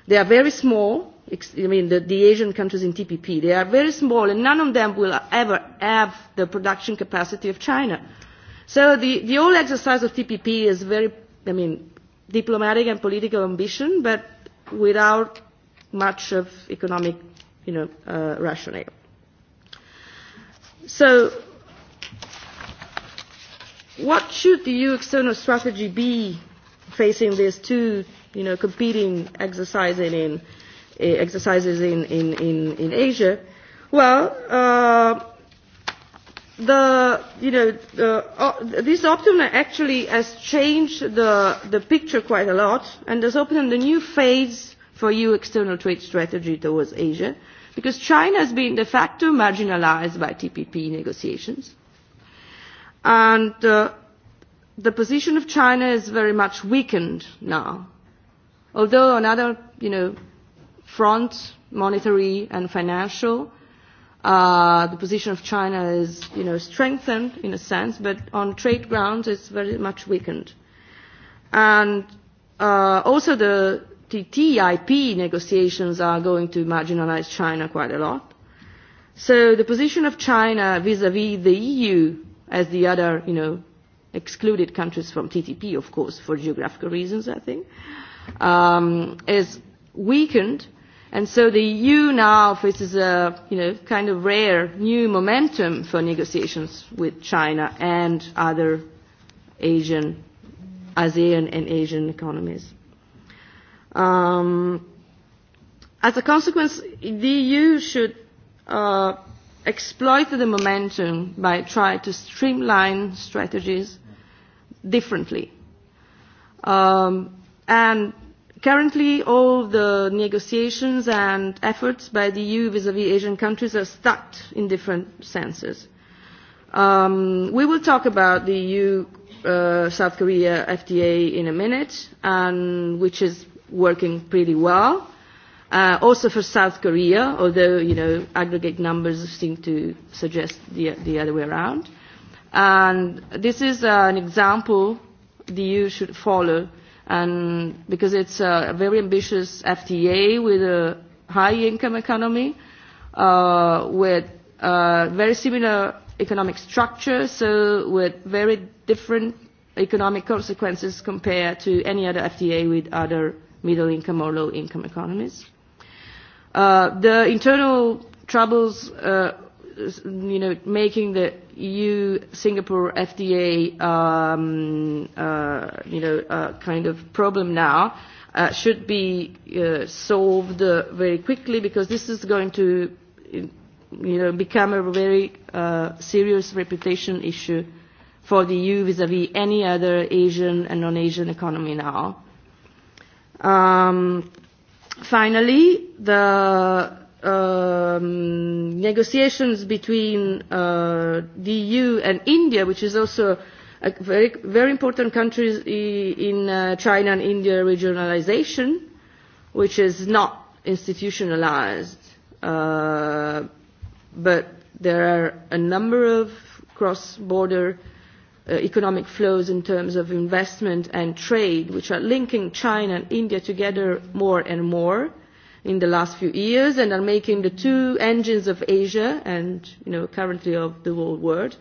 they are very small. I mean, the Asian countries in TPP, they are very small, and none of them will ever have the production capacity of China. So the whole exercise of TPP is very, I mean, diplomatic and political ambition, but without much of economic, you know, rationale. So, what should the EU external strategy be facing these two, you know, competing exercises in exercises in in in Asia. Well, the you know this optimum actually has changed the the picture quite a lot and has opened a new phase for EU external trade strategy towards Asia, because China has been de facto marginalized by TPP negotiations. And the position of China is very much weakened now, although on other you know, fronts, monetary and financial, the position of China is you know, strengthened in a sense, but on trade grounds it's very much weakened. And also the TTIP negotiations are going to marginalize China quite a lot. So the position of China vis-à-vis the EU as the other, you know, excluded countries from TTP, of course, for geographical reasons, I think, is weakened. And so the EU now faces a you know, kind of rare new momentum for negotiations with China and other Asian, ASEAN and Asian economies. as a consequence, the EU should exploit the momentum by trying to streamline strategies differently. And currently all the negotiations and efforts by the EU vis-à-vis Asian countries are stuck in different senses. We will talk about the EU-South Korea FTA in a minute, and which is working pretty well. Also for South Korea, although, you know, aggregate numbers seem to suggest the other way around. And this is an example the EU should follow, and because it's a very ambitious FTA with a high-income economy, with a very similar economic structure, so with very different economic consequences compared to any other FTA with other middle-income or low-income economies. The internal troubles you know, making the EU-Singapore FDA, um, you know, uh, kind of problem now should be solved very quickly because this is going to, you know, become a very serious reputation issue for the EU vis-à-vis any other Asian and non-Asian economy now. Um, finally, the negotiations between the EU and India, which is also a very, very important country in China and India regionalization, which is not institutionalized, but there are a number of cross-border economic flows in terms of investment and trade, which are linking China and India together more and more in the last few years and are making the two engines of Asia and you know currently of the whole world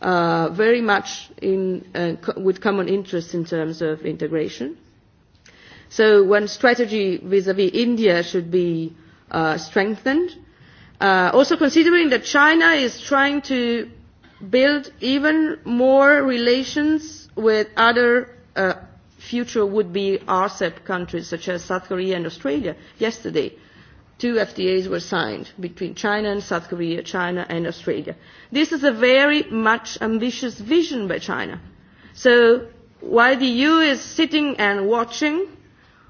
very much in with common interests in terms of integration. So one strategy vis-à-vis India should be strengthened. Also considering that China is trying to build even more relations with other future would be RCEP countries such as South Korea and Australia. Yesterday, two FTAs were signed between China and South Korea, China and Australia. This is a very much ambitious vision by China. So while the EU is sitting and watching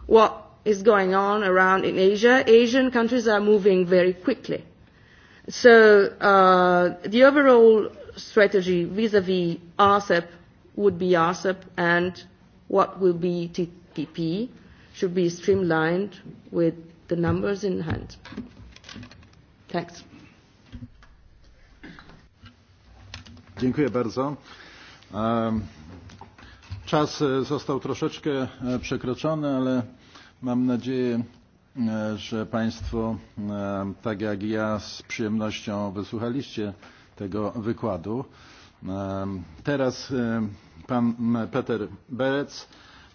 what is going on around in Asia, Asian countries are moving very quickly. So the overall strategy vis-à-vis RCEP would be RCEP and what will be TPP should be streamlined with the numbers in hand. Thanks. Dziękuję bardzo. Czas został troszeczkę przekroczony, ale mam nadzieję, że Państwo, tak jak ja, z przyjemnością wysłuchaliście tego wykładu. Teraz pan Peter Berec,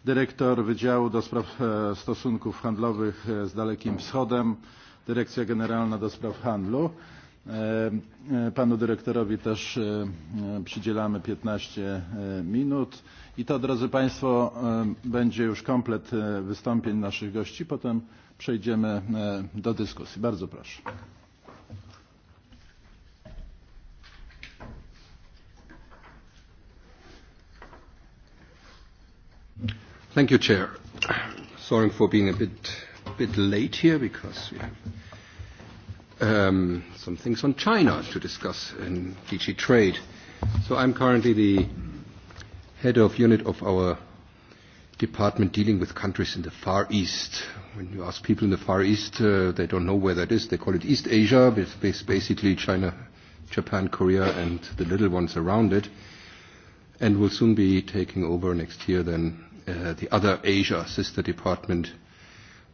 dyrektor Wydziału do Spraw Stosunków Handlowych z Dalekim Wschodem, Dyrekcja Generalna do Spraw Handlu. Panu dyrektorowi też przydzielamy 15 minut. I to, drodzy Państwo, będzie już komplet wystąpień naszych gości. Potem przejdziemy do dyskusji. Bardzo proszę. Thank you, Chair. Sorry for being a bit bit late here because we have um, some things on China to discuss in DG Trade. So I'm currently the head of unit of our department dealing with countries in the Far East. When you ask people in the Far East, they don't know where that is. They call it East Asia, but it's basically China, Japan, Korea, and the little ones around it. And will soon be taking over next year then the other Asia sister department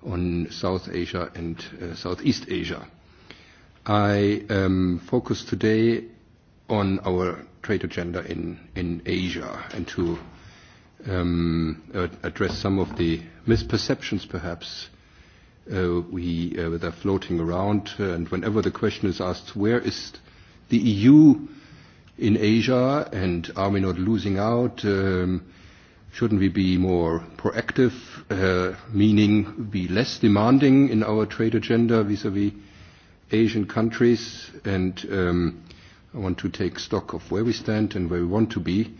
on South Asia and Southeast Asia. I focus today on our trade agenda in in Asia and to address some of the misperceptions perhaps we that are floating around and whenever the question is asked where is the EU in Asia and are we not losing out Shouldn't we be more proactive, meaning be less demanding in our trade agenda vis-à-vis Asian countries? And I want to take stock of where we stand and where we want to be,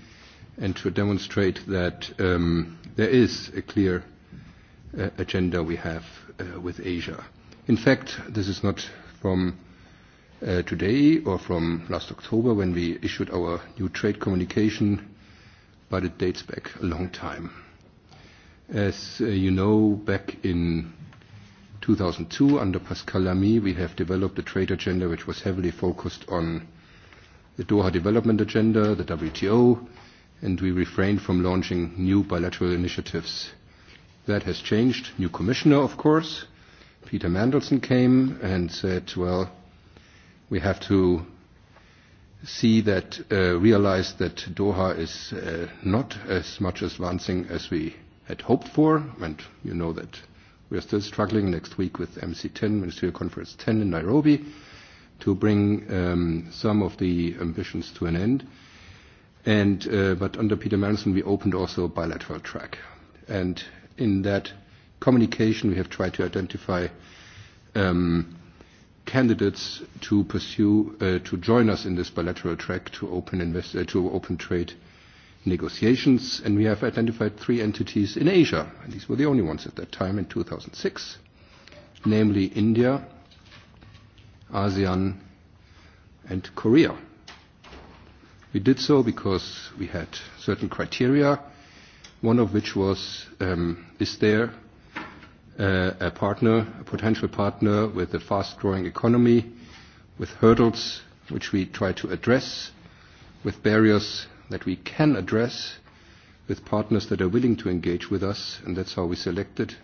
and to demonstrate that there is a clear agenda we have with Asia. In fact, this is not from today or from last October when we issued our new trade communication but it dates back a long time. As you know, back in 2002, under Pascal Lamy, we have developed a trade agenda which was heavily focused on the Doha Development Agenda, the WTO, and we refrained from launching new bilateral initiatives. That has changed. New commissioner, of course, Peter Mandelson came and said, well, we have to see that, realize that Doha is not as much advancing as we had hoped for, and you know that we are still struggling next week with MC10, Ministerial Conference 10 in Nairobi, to bring some of the ambitions to an end. And But under Peter Manson, we opened also a bilateral track. And in that communication, we have tried to identify candidates to pursue to join us in this bilateral track to open to open trade negotiations and we have identified three entities in Asia and these were the only ones at that time in 2006 namely India ASEAN and Korea we did so because we had certain criteria one of which was is there a partner, a potential partner with a fast-growing economy, with hurdles which we try to address, with barriers that we can address, with partners that are willing to engage with us, and that's how we selected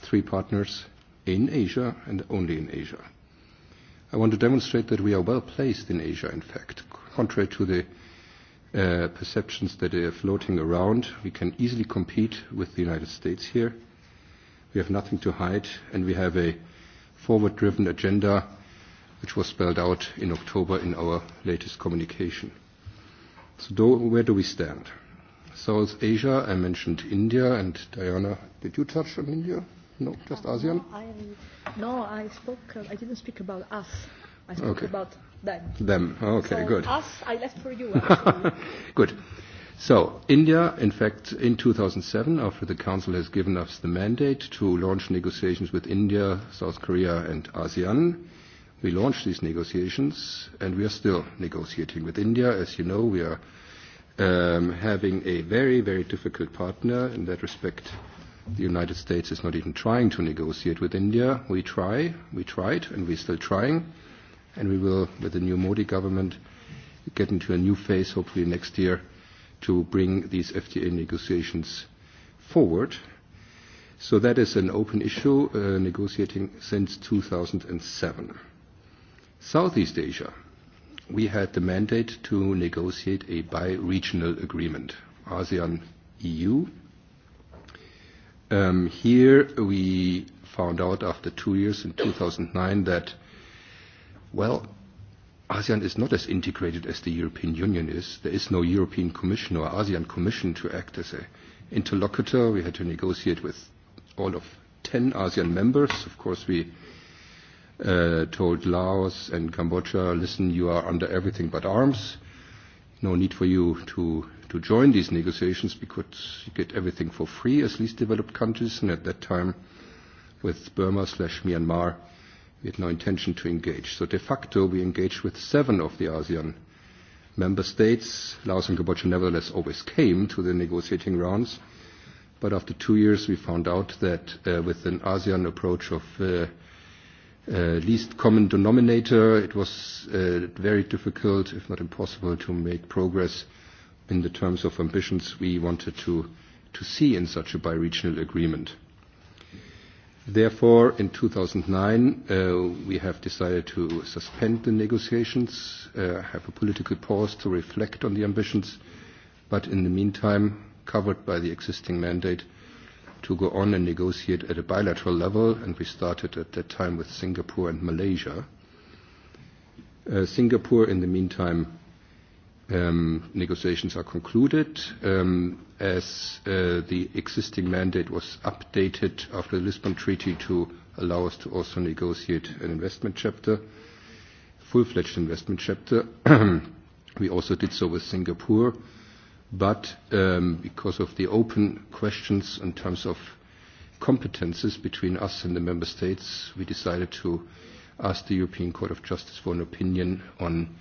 three partners in Asia and only in Asia. I want to demonstrate that we are well placed in Asia, in fact. Contrary to the perceptions that are floating around, we can easily compete with the United States here We have nothing to hide, and we have a forward-driven agenda which was spelled out in October in our latest communication. So where do we stand? South Asia, I mentioned India, and Diana, did you touch on India? No, just ASEAN? No, I spoke. I didn't speak about us. I spoke about them. Them, okay, good. Us, I left for you. Good. So, India, in fact, in 2007, after the Council has given us the mandate to launch negotiations with India, South Korea, and ASEAN, we launched these negotiations, and we are still negotiating with India. As you know, we are having a very, very difficult partner. In that respect, the United States is not even trying to negotiate with India. We try, we tried, and we're still trying, and we will, with the new Modi government, get into a new phase, hopefully next year to bring these FTA negotiations forward. So that is an open issue negotiating since 2007. Southeast Asia, we had the mandate to negotiate a bi-regional agreement, ASEAN-EU. Here we found out after two years in 2009 that, well, ASEAN is not as integrated as the European Union is. There is no European Commission or ASEAN Commission to act as an interlocutor. We had to negotiate with all of 10 ASEAN members. Of course, we told Laos and Cambodia, listen, you are under everything but arms. No need for you to to join these negotiations because you get everything for free as least developed countries. And at that time, with Burma slash Myanmar, we had no intention to engage. So de facto, we engaged with seven of the ASEAN member states. Laos and Cambodia nevertheless always came to the negotiating rounds. But after two years, we found out that with an ASEAN approach of least common denominator, it was very difficult, if not impossible, to make progress in the terms of ambitions we wanted to see in such a bi-regional agreement. Therefore, in 2009, we have decided to suspend the negotiations, have a political pause to reflect on the ambitions, but in the meantime, covered by the existing mandate, to go on and negotiate at a bilateral level, and we started at that time with Singapore and Malaysia. Singapore, in the meantime, negotiations are concluded. As the existing mandate was updated after the Lisbon Treaty to allow us to also negotiate an investment chapter, full-fledged investment chapter. We also did so with Singapore, but because of the open questions in terms of competences between us and the member states, we decided to ask the European Court of Justice for an opinion on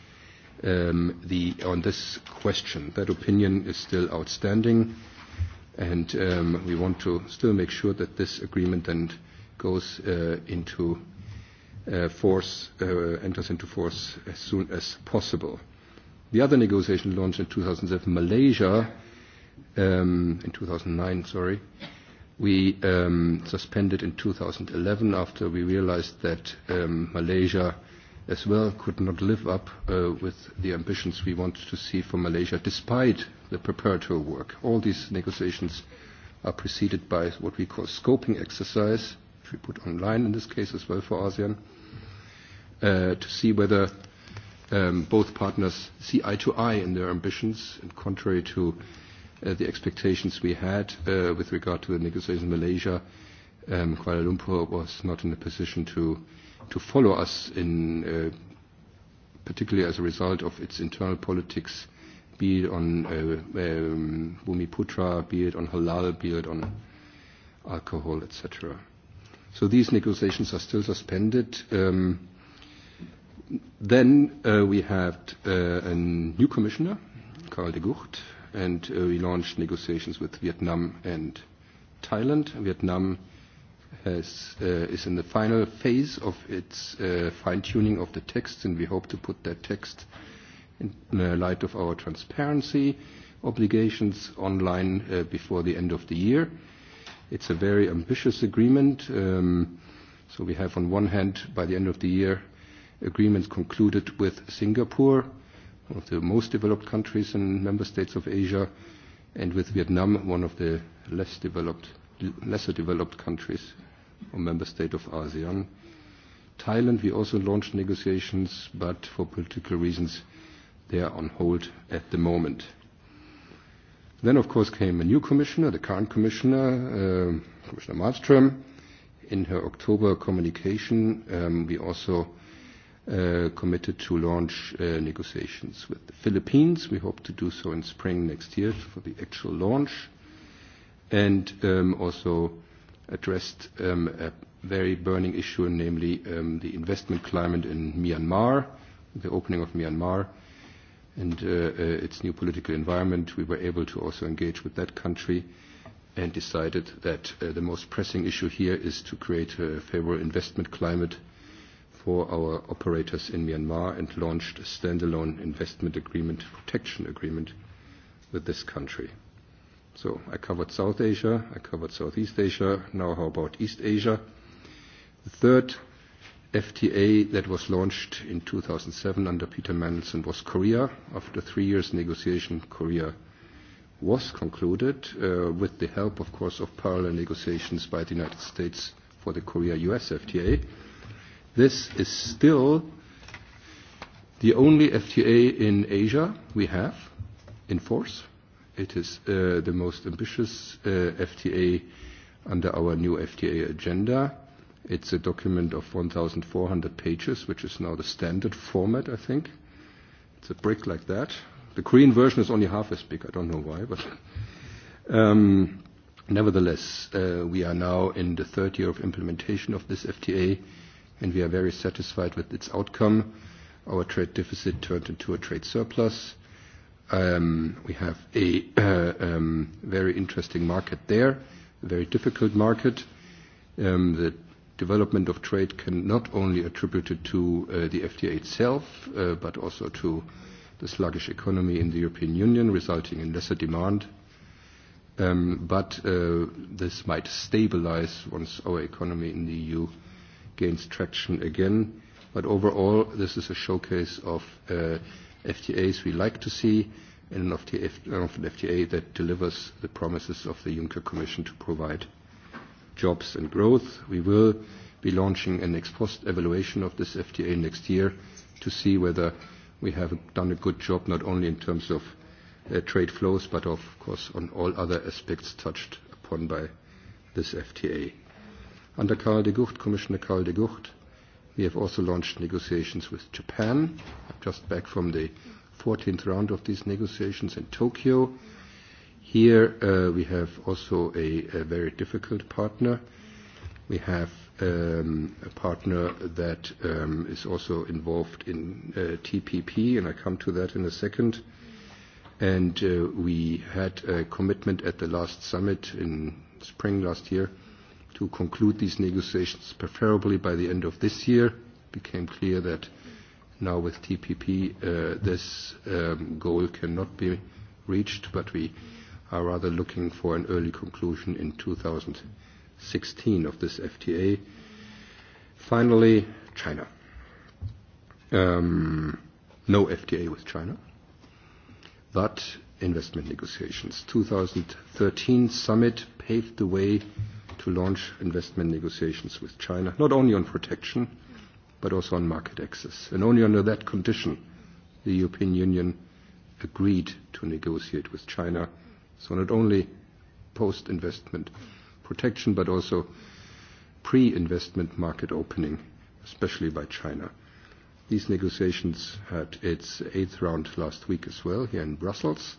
on this question. That opinion is still outstanding, and we want to still make sure that this agreement then goes into force, enters into force as soon as possible. The other negotiation launched in 2007, Malaysia, in 2009, sorry, we suspended in 2011 after we realized that Malaysia as well could not live up with the ambitions we want to see for Malaysia, despite the preparatory work. All these negotiations are preceded by what we call scoping exercise, which we put online in this case as well for ASEAN, to see whether both partners see eye to eye in their ambitions, and contrary to the expectations we had with regard to the negotiations in Malaysia, Kuala Lumpur was not in a position to to follow us in particularly as a result of its internal politics, be it on Bumiputra, be it on halal, be it on alcohol, etc. So these negotiations are still suspended. Then we had a new commissioner, Karl de Gucht, and we launched negotiations with Vietnam and Thailand. Vietnam is in the final phase of its fine-tuning of the text, and we hope to put that text in the light of our transparency obligations online before the end of the year. It's a very ambitious agreement, so we have on one hand, by the end of the year, agreements concluded with Singapore, one of the most developed countries and member states of Asia, and with Vietnam, one of the less developed, lesser developed countries a member state of ASEAN. Thailand, we also launched negotiations, but for political reasons, they are on hold at the moment. Then, of course, came a new commissioner, the current commissioner, Commissioner Malmström. In her October communication, we also committed to launch negotiations with the Philippines. We hope to do so in spring next year for the actual launch. And also addressed a very burning issue, namely the investment climate in Myanmar, the opening of Myanmar, and its new political environment. We were able to also engage with that country and decided that the most pressing issue here is to create a favorable investment climate for our operators in Myanmar and launched a standalone investment agreement, protection agreement with this country. So I covered South Asia, I covered Southeast Asia. Now how about East Asia? The third FTA that was launched in 2007 under Peter Mandelson was Korea. After three years negotiation, Korea was concluded with the help, of course, of parallel negotiations by the United States for the Korea-US FTA. This is still the only FTA in Asia we have in force. It is the most ambitious FTA under our new FTA agenda. It's a document of 1,400 pages, which is now the standard format, I think. It's a brick like that. The Korean version is only half as big. I don't know why, but nevertheless, we are now in the third year of implementation of this FTA, and we are very satisfied with its outcome. Our trade deficit turned into a trade surplus. We have a very interesting market there, a very difficult market. The development of trade can not only attribute it to the FTA itself, but also to the sluggish economy in the European Union, resulting in lesser demand. But this might stabilize once our economy in the EU gains traction again. But overall, this is a showcase of FTAs we like to see and an FTA that delivers the promises of the Juncker Commission to provide jobs and growth. We will be launching an ex post evaluation of this FTA next year to see whether we have done a good job not only in terms of trade flows but of course on all other aspects touched upon by this FTA. Under Karl de Gucht, Commissioner Karl de Gucht, We have also launched negotiations with Japan. I'm just back from the 14th round of these negotiations in Tokyo. Here we have also a very difficult partner. We have a partner that is also involved in TPP, and I come to that in a second. And we had a commitment at the last summit in spring last year to conclude these negotiations preferably by the end of this year. It became clear that now with TPP this goal cannot be reached, but we are rather looking for an early conclusion in 2016 of this FTA. Finally, China. No FTA with China, but investment negotiations. 2013 summit paved the way to launch investment negotiations with China, not only on protection, but also on market access. And only under that condition the European Union agreed to negotiate with China. So not only post-investment protection, but also pre-investment market opening, especially by China. These negotiations had its eighth round last week as well here in Brussels.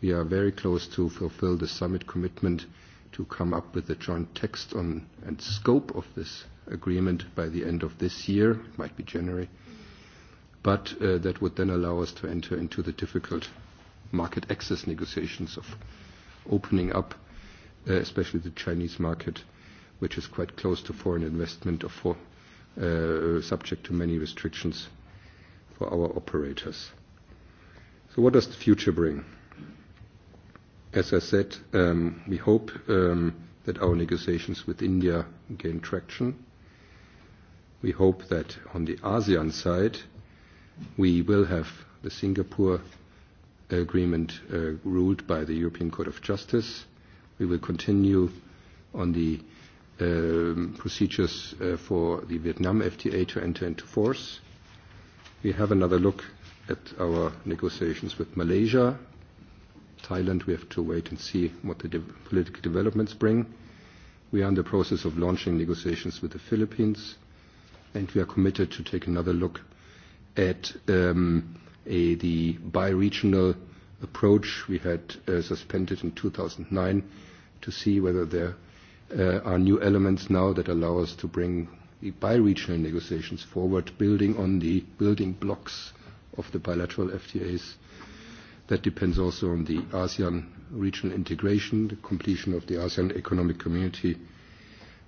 We are very close to fulfill the summit commitment to come up with a joint text on and scope of this agreement by the end of this year, might be January, but that would then allow us to enter into the difficult market access negotiations of opening up, especially the Chinese market, which is quite close to foreign investment or subject to many restrictions for our operators. So what does the future bring? As I said, we hope that our negotiations with India gain traction. We hope that on the ASEAN side, we will have the Singapore agreement ruled by the European Court of Justice. We will continue on the procedures for the Vietnam FTA to enter into force. We have another look at our negotiations with Malaysia Thailand, we have to wait and see what the political developments bring. We are in the process of launching negotiations with the Philippines, and we are committed to take another look at the bi-regional approach we had suspended in 2009 to see whether there are new elements now that allow us to bring the bi-regional negotiations forward, building on the building blocks of the bilateral FTAs That depends also on the ASEAN regional integration. The completion of the ASEAN Economic Community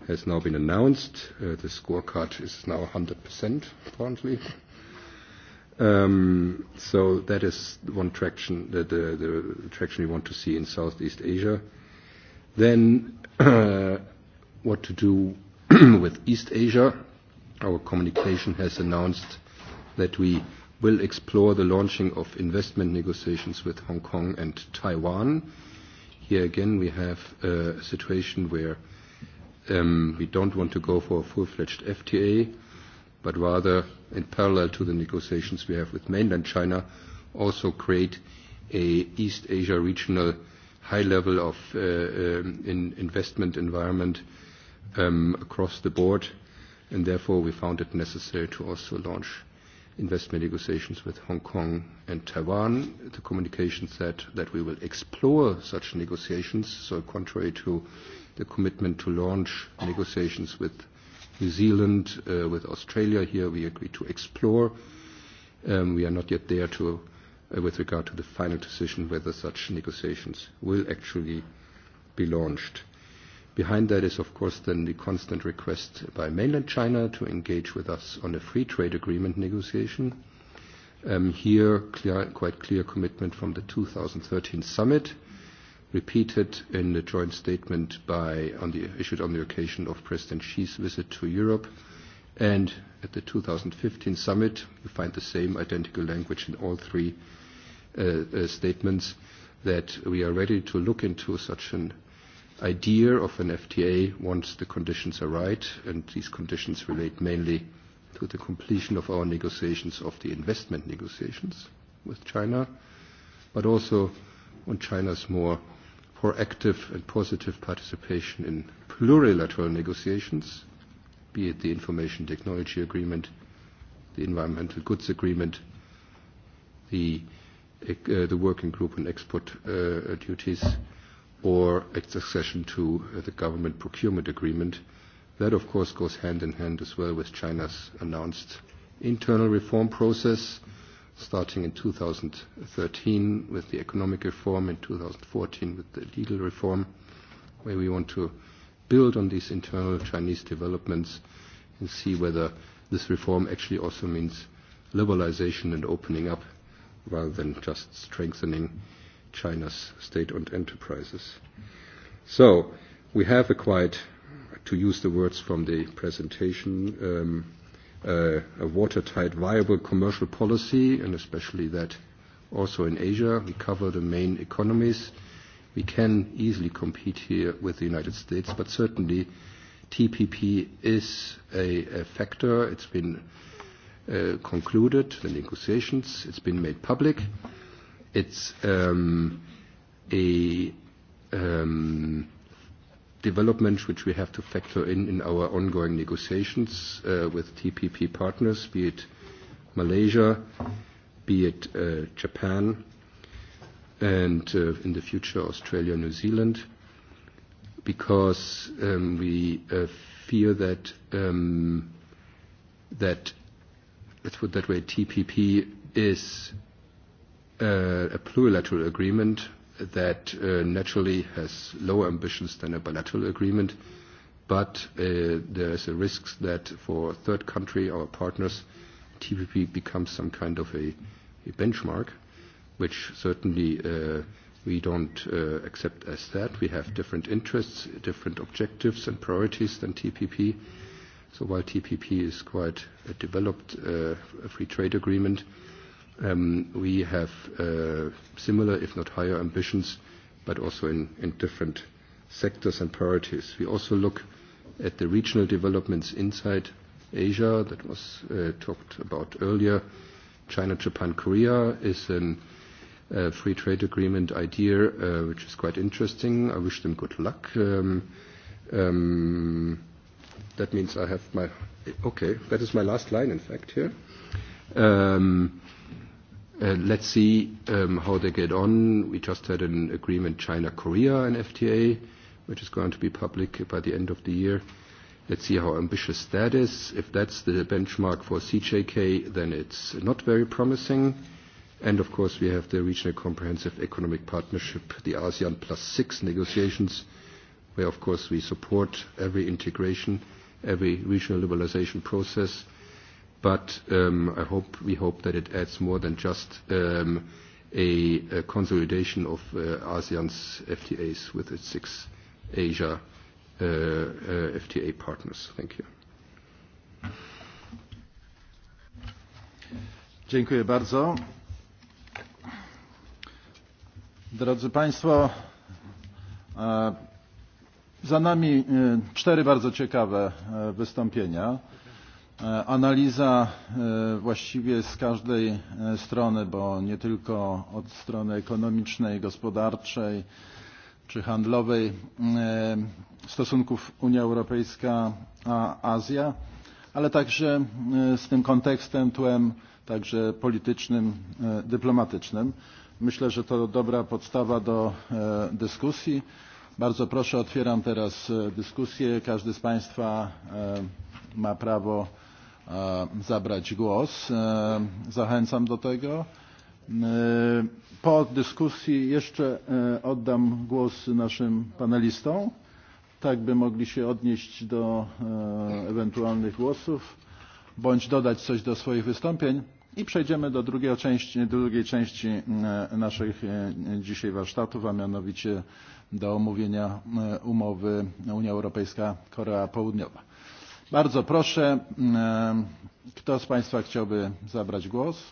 has now been announced. The scorecard is now 100%, apparently. So that is one traction, the traction we want to see in Southeast Asia. Then what to do with East Asia. Our communication has announced that we will explore the launching of investment negotiations with Hong Kong and Taiwan. Here again we have a situation where we don't want to go for a full-fledged FTA, but rather in parallel to the negotiations we have with mainland China, also create a East Asia regional high level of investment environment across the board, and therefore we found it necessary to also launch investment negotiations with Hong Kong and Taiwan. The communication said that we will explore such negotiations, so contrary to the commitment to launch negotiations with New Zealand, with Australia here, we agreed to explore. We are not yet there to with regard to the final decision whether such negotiations will actually be launched. Behind that is, of course, then the constant request by mainland China to engage with us on a free trade agreement negotiation. Here, quite clear commitment from the 2013 summit, repeated in the joint statement by on the issued on the occasion of President Xi's visit to Europe, and at the 2015 summit, you find the same identical language in all three statements that we are ready to look into such an idea of an FTA once the conditions are right, and these conditions relate mainly to the completion of our negotiations of the investment negotiations with China, but also on China's more proactive and positive participation in plurilateral negotiations, be it the Information Technology Agreement, the Environmental Goods Agreement, the Working Group on Export Duties or accession to the government procurement agreement. That, of course, goes hand in hand as well with China's announced internal reform process, starting in 2013 with the economic reform, in 2014 with the legal reform, where we want to build on these internal Chinese developments and see whether this reform actually also means liberalization and opening up rather than just strengthening China's state-owned enterprises. So we have a quite, to use the words from the presentation, a watertight, viable commercial policy, and especially that also in Asia. We cover the main economies. We can easily compete here with the United States, but certainly TPP is a factor. It's been concluded, the negotiations, it's been made public. It's a development which we have to factor in in our ongoing negotiations with TPP partners, be it Malaysia, be it Japan, and in the future Australia, New Zealand, because we fear that that let's put that way TPP is a plurilateral agreement that naturally has lower ambitions than a bilateral agreement, but there is a risk that for third country, our partners, TPP becomes some kind of a benchmark, which certainly we don't accept as that. We have different interests, different objectives and priorities than TPP. So while TPP is quite a developed free trade agreement, We have similar, if not higher, ambitions, but also in different sectors and priorities. We also look at the regional developments inside Asia that was talked about earlier. China, Japan, Korea is a free trade agreement idea which is quite interesting. I wish them good luck. That means I have my... Okay, that is my last line, in fact, here. Let's see how they get on. We just had an agreement China-Korea, an FTA, which is going to be public by the end of the year. Let's see how ambitious that is. If that's the benchmark for CJK, then it's not very promising. And, of course, we have the Regional Comprehensive Economic Partnership, the ASEAN Plus Six negotiations, where, of course, we support every integration, every regional liberalization process but I hope we hope that it adds more than just a consolidation of ASEAN's FTAs with its six Asia FTA partners. Thank you. Dziękuję bardzo. Drodzy Państwo, za nami cztery bardzo ciekawe wystąpienia analiza właściwie z każdej strony, bo nie tylko od strony ekonomicznej, gospodarczej czy handlowej stosunków Unia Europejska a Azja, ale także z tym kontekstem, tłem także politycznym, dyplomatycznym. Myślę, że to dobra podstawa do dyskusji. Bardzo proszę, otwieram teraz dyskusję. Każdy z Państwa ma prawo zabrać głos. Zachęcam do tego. Po dyskusji jeszcze oddam głos naszym panelistom, tak by mogli się odnieść do ewentualnych głosów, bądź dodać coś do swoich wystąpień i przejdziemy do drugiej części, drugiej części naszych dzisiaj warsztatów, a mianowicie do omówienia umowy Unia Europejska-Korea Południowa. Bardzo proszę, kto z Państwa chciałby zabrać głos?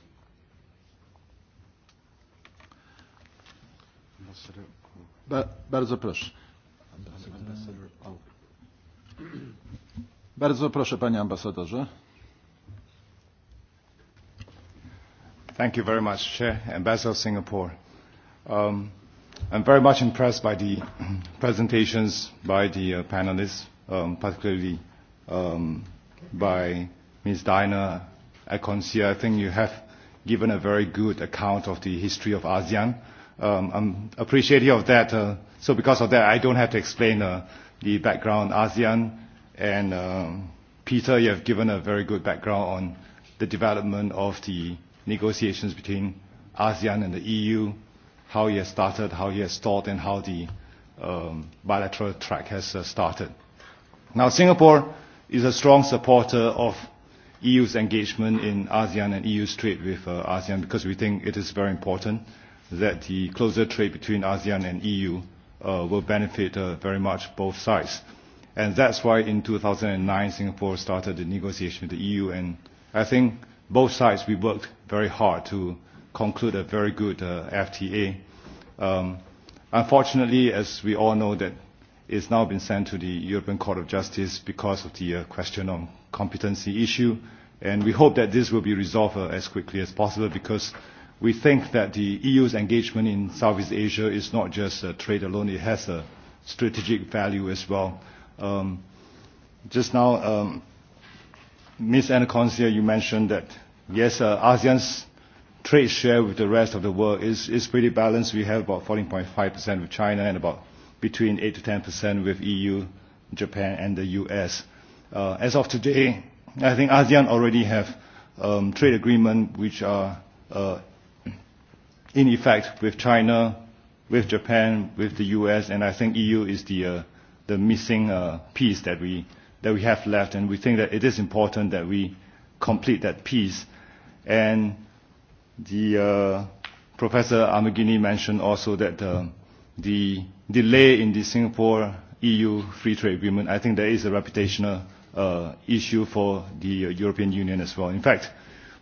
Bardzo proszę. Bardzo proszę, Panie Ambasadorze. Thank you very much, Chair, Ambassador of Singapore. Um, I'm very much impressed by the presentations by the panelists, um, particularly by Ms. Dina Akonsia. I think you have given a very good account of the history of ASEAN. I'm appreciative of that. So because of that, I don't have to explain the background ASEAN. And Peter, you have given a very good background on the development of the negotiations between ASEAN and the EU, how it has started, how it has stalled, and how the bilateral track has started. Now, Singapore is a strong supporter of EU's engagement in ASEAN and EU's trade with ASEAN because we think it is very important that the closer trade between ASEAN and EU will benefit very much both sides. And that's why in 2009 Singapore started the negotiation with the EU and I think both sides we worked very hard to conclude a very good FTA. Unfortunately, as we all know that is now been sent to the European Court of Justice because of the question on competency issue, and we hope that this will be resolved as quickly as possible because we think that the EU's engagement in Southeast Asia is not just trade alone, it has a strategic value as well. Just now, Ms. Anaconcia, you mentioned that, yes, ASEAN's trade share with the rest of the world is pretty balanced. We have about 14.5% with China and about between 8 to 10% with EU, Japan and the US. As of today, I think ASEAN already have trade agreements which are in effect with China, with Japan, with the US, and I think EU is the the missing piece that we that we have left, and we think that it is important that we complete that piece. And the Professor Amagini mentioned also that the delay in the Singapore EU Free Trade Agreement, I think there is a reputational issue for the European Union as well. In fact,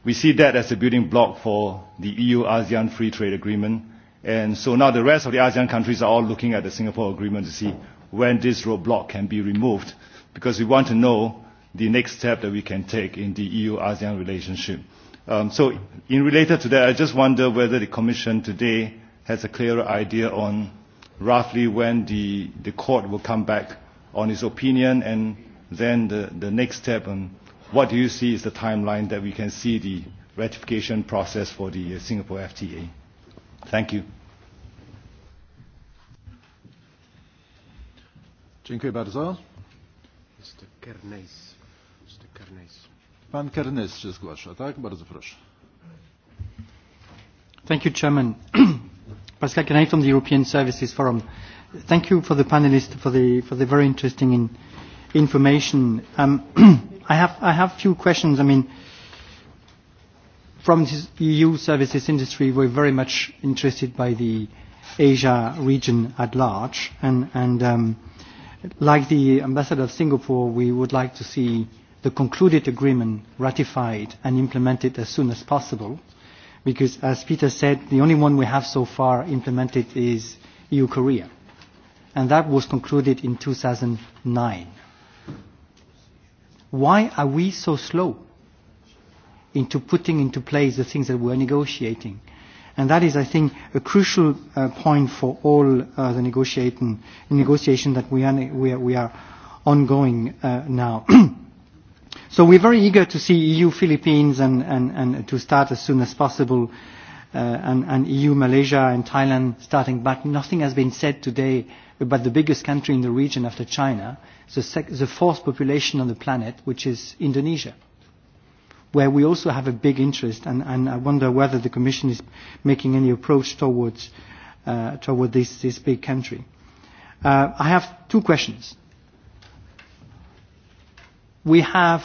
we see that as a building block for the EU-ASEAN Free Trade Agreement. And so now the rest of the ASEAN countries are all looking at the Singapore Agreement to see when this roadblock can be removed, because we want to know the next step that we can take in the EU-ASEAN relationship. So in related to that, I just wonder whether the Commission today has a clearer idea on roughly when the the court will come back on its opinion and then the the next step and what do you see is the timeline that we can see the ratification process for the Singapore FTA? Thank you. Dziękuję bardzo. Pan Kernes się zgłasza, tak? Bardzo proszę. Thank you, Chairman. Pascal Canet from the European Services Forum. Thank you for the panelists for the for the very interesting information. I have I have few questions. I mean, from the EU services industry, we are very much interested by the Asia region at large, and and like the ambassador of Singapore, we would like to see the concluded agreement ratified and implemented as soon as possible because as Peter said, the only one we have so far implemented is EU-Korea. And that was concluded in 2009. Why are we so slow into putting into place the things that we are negotiating? And that is, I think, a crucial point for all the negotiation that we are ongoing now. So we're very eager to see EU-Philippines and to start as soon as possible, and EU-Malaysia and Thailand starting, but nothing has been said today about the biggest country in the region after China, the fourth population on the planet, which is Indonesia, where we also have a big interest, and I wonder whether the Commission is making any approach towards this big country. I have two questions we have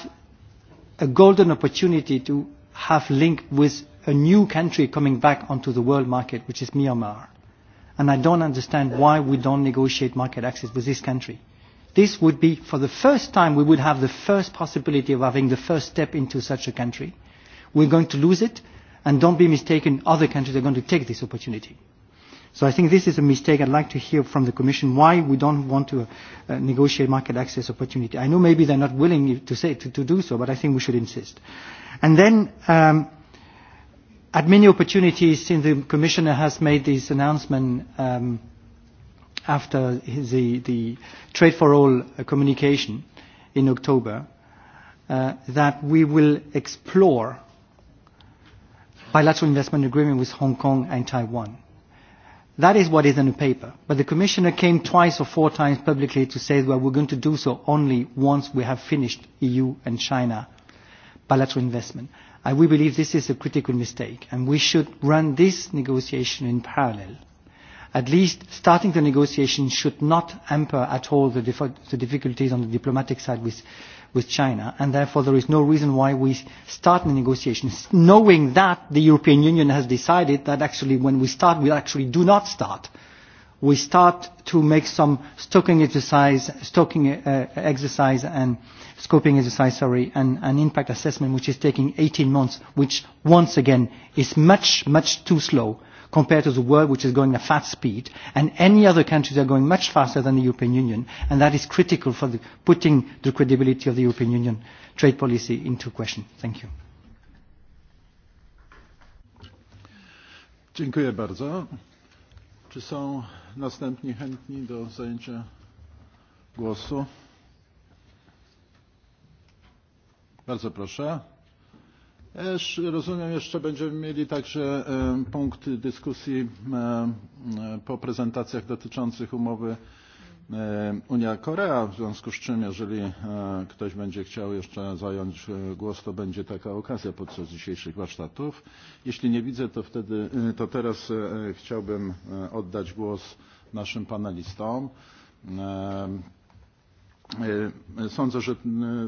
a golden opportunity to have link with a new country coming back onto the world market, which is Myanmar. And I don't understand why we don't negotiate market access with this country. This would be, for the first time, we would have the first possibility of having the first step into such a country. We're going to lose it, and don't be mistaken, other countries are going to take this opportunity. So I think this is a mistake. I'd like to hear from the Commission why we don't want to negotiate market access opportunity. I know maybe they're not willing to say to do so, but I think we should insist. And then at many opportunities since the Commissioner has made this announcement after the Trade for All communication in October, that we will explore bilateral investment agreement with Hong Kong and Taiwan. That is what is in the paper. But the Commissioner came twice or four times publicly to say, we we're going to do so only once we have finished EU and China bilateral investment. And we believe this is a critical mistake, and we should run this negotiation in parallel. At least starting the negotiation should not hamper at all the difficulties on the diplomatic side with with China, and therefore there is no reason why we start the negotiations, knowing that the European Union has decided that actually when we start, we actually do not start. We start to make some stocking exercise, stocking exercise and scoping exercise, sorry, and an impact assessment, which is taking 18 months, which once again is much, much too slow compared to the world which is going at fast speed and any other countries are going much faster than the European Union and that is critical for putting the credibility of the European Union trade policy into question. Thank you. Dziękuję bardzo. Czy są następni chętni do zajęcia głosu? Bardzo proszę. Rozumiem, jeszcze będziemy mieli także punkt dyskusji po prezentacjach dotyczących umowy Unia-Korea, w związku z czym, jeżeli ktoś będzie chciał jeszcze zająć głos, to będzie taka okazja podczas dzisiejszych warsztatów. Jeśli nie widzę, to wtedy, to teraz chciałbym oddać głos naszym panelistom. Sądzę, że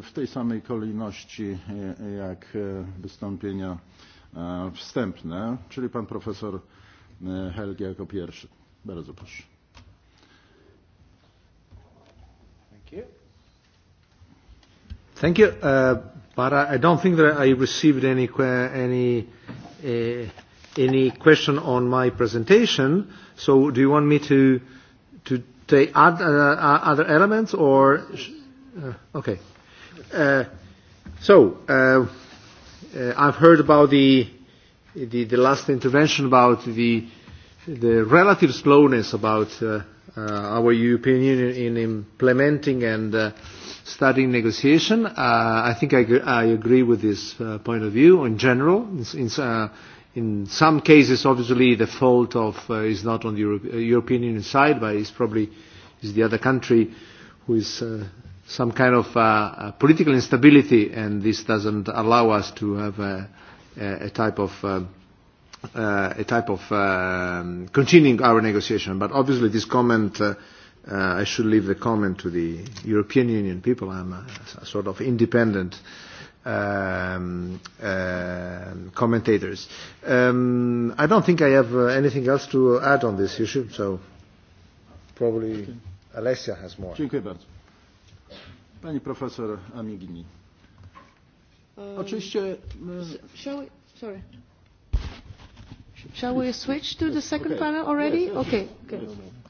w tej samej kolejności jak wystąpienia wstępne, czyli pan profesor Helge jako pierwszy. Bardzo proszę. Thank you. Thank But I don't think that I received any any any question on my presentation. So do you want me to they add other elements or okay so i've heard about the the last intervention about the the relative slowness about our european union in implementing and studying negotiation i think i agree with this point of view in general in some cases, obviously, the fault of is not on the European Union side, but it's probably is the other country who is some kind of political instability, and this doesn't allow us to have a type of a type of continuing our negotiation. But obviously, this comment, I should leave the comment to the European Union people. I'm a sort of independent um commentators. Um I don't think I have anything else to add on this issue, so probably Alessia has more. Dziękuję bardzo. Pani profesor Amigini. Oczywiście... Sorry. Shall we switch to the second panel already? Okay.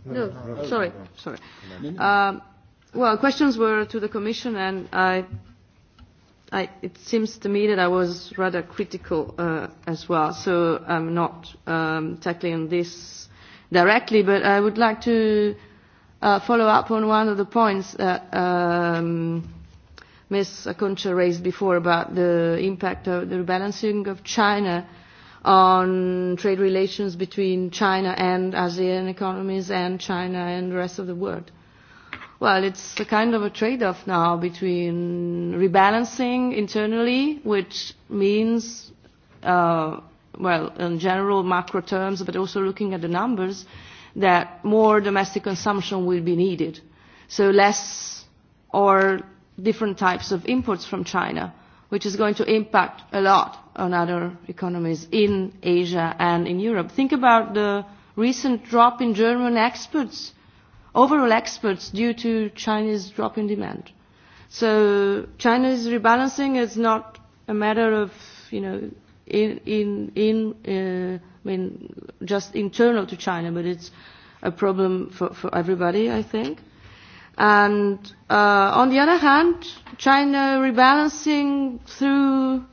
No, sorry. Sorry. Well, questions were to the Commission, and I It seems to me that I was rather critical as well, so I'm not tackling this directly, but I would like to follow up on one of the points that Ms. Akuncha raised before about the impact of the rebalancing of China on trade relations between China and ASEAN economies and China and the rest of the world. Well, it's a kind of a trade-off now between rebalancing internally, which means, well, in general macro terms, but also looking at the numbers, that more domestic consumption will be needed. So less or different types of imports from China, which is going to impact a lot on other economies in Asia and in Europe. Think about the recent drop in German exports overall exports due to Chinese drop in demand. So China's rebalancing is not a matter of, you know, in in in I mean just internal to China, but it's a problem for for everybody, I think. And on the other hand, China rebalancing through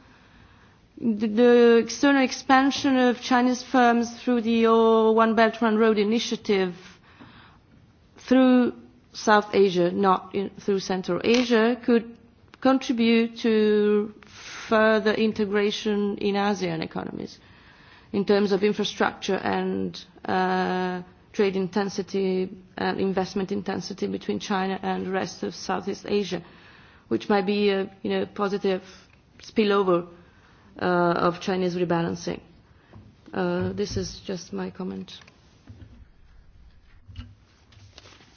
the external expansion of Chinese firms through the One Belt One Road initiative through South Asia, not through Central Asia, could contribute to further integration in ASEAN economies in terms of infrastructure and trade intensity and investment intensity between China and the rest of Southeast Asia, which might be a positive spillover of Chinese rebalancing. This is just my comment.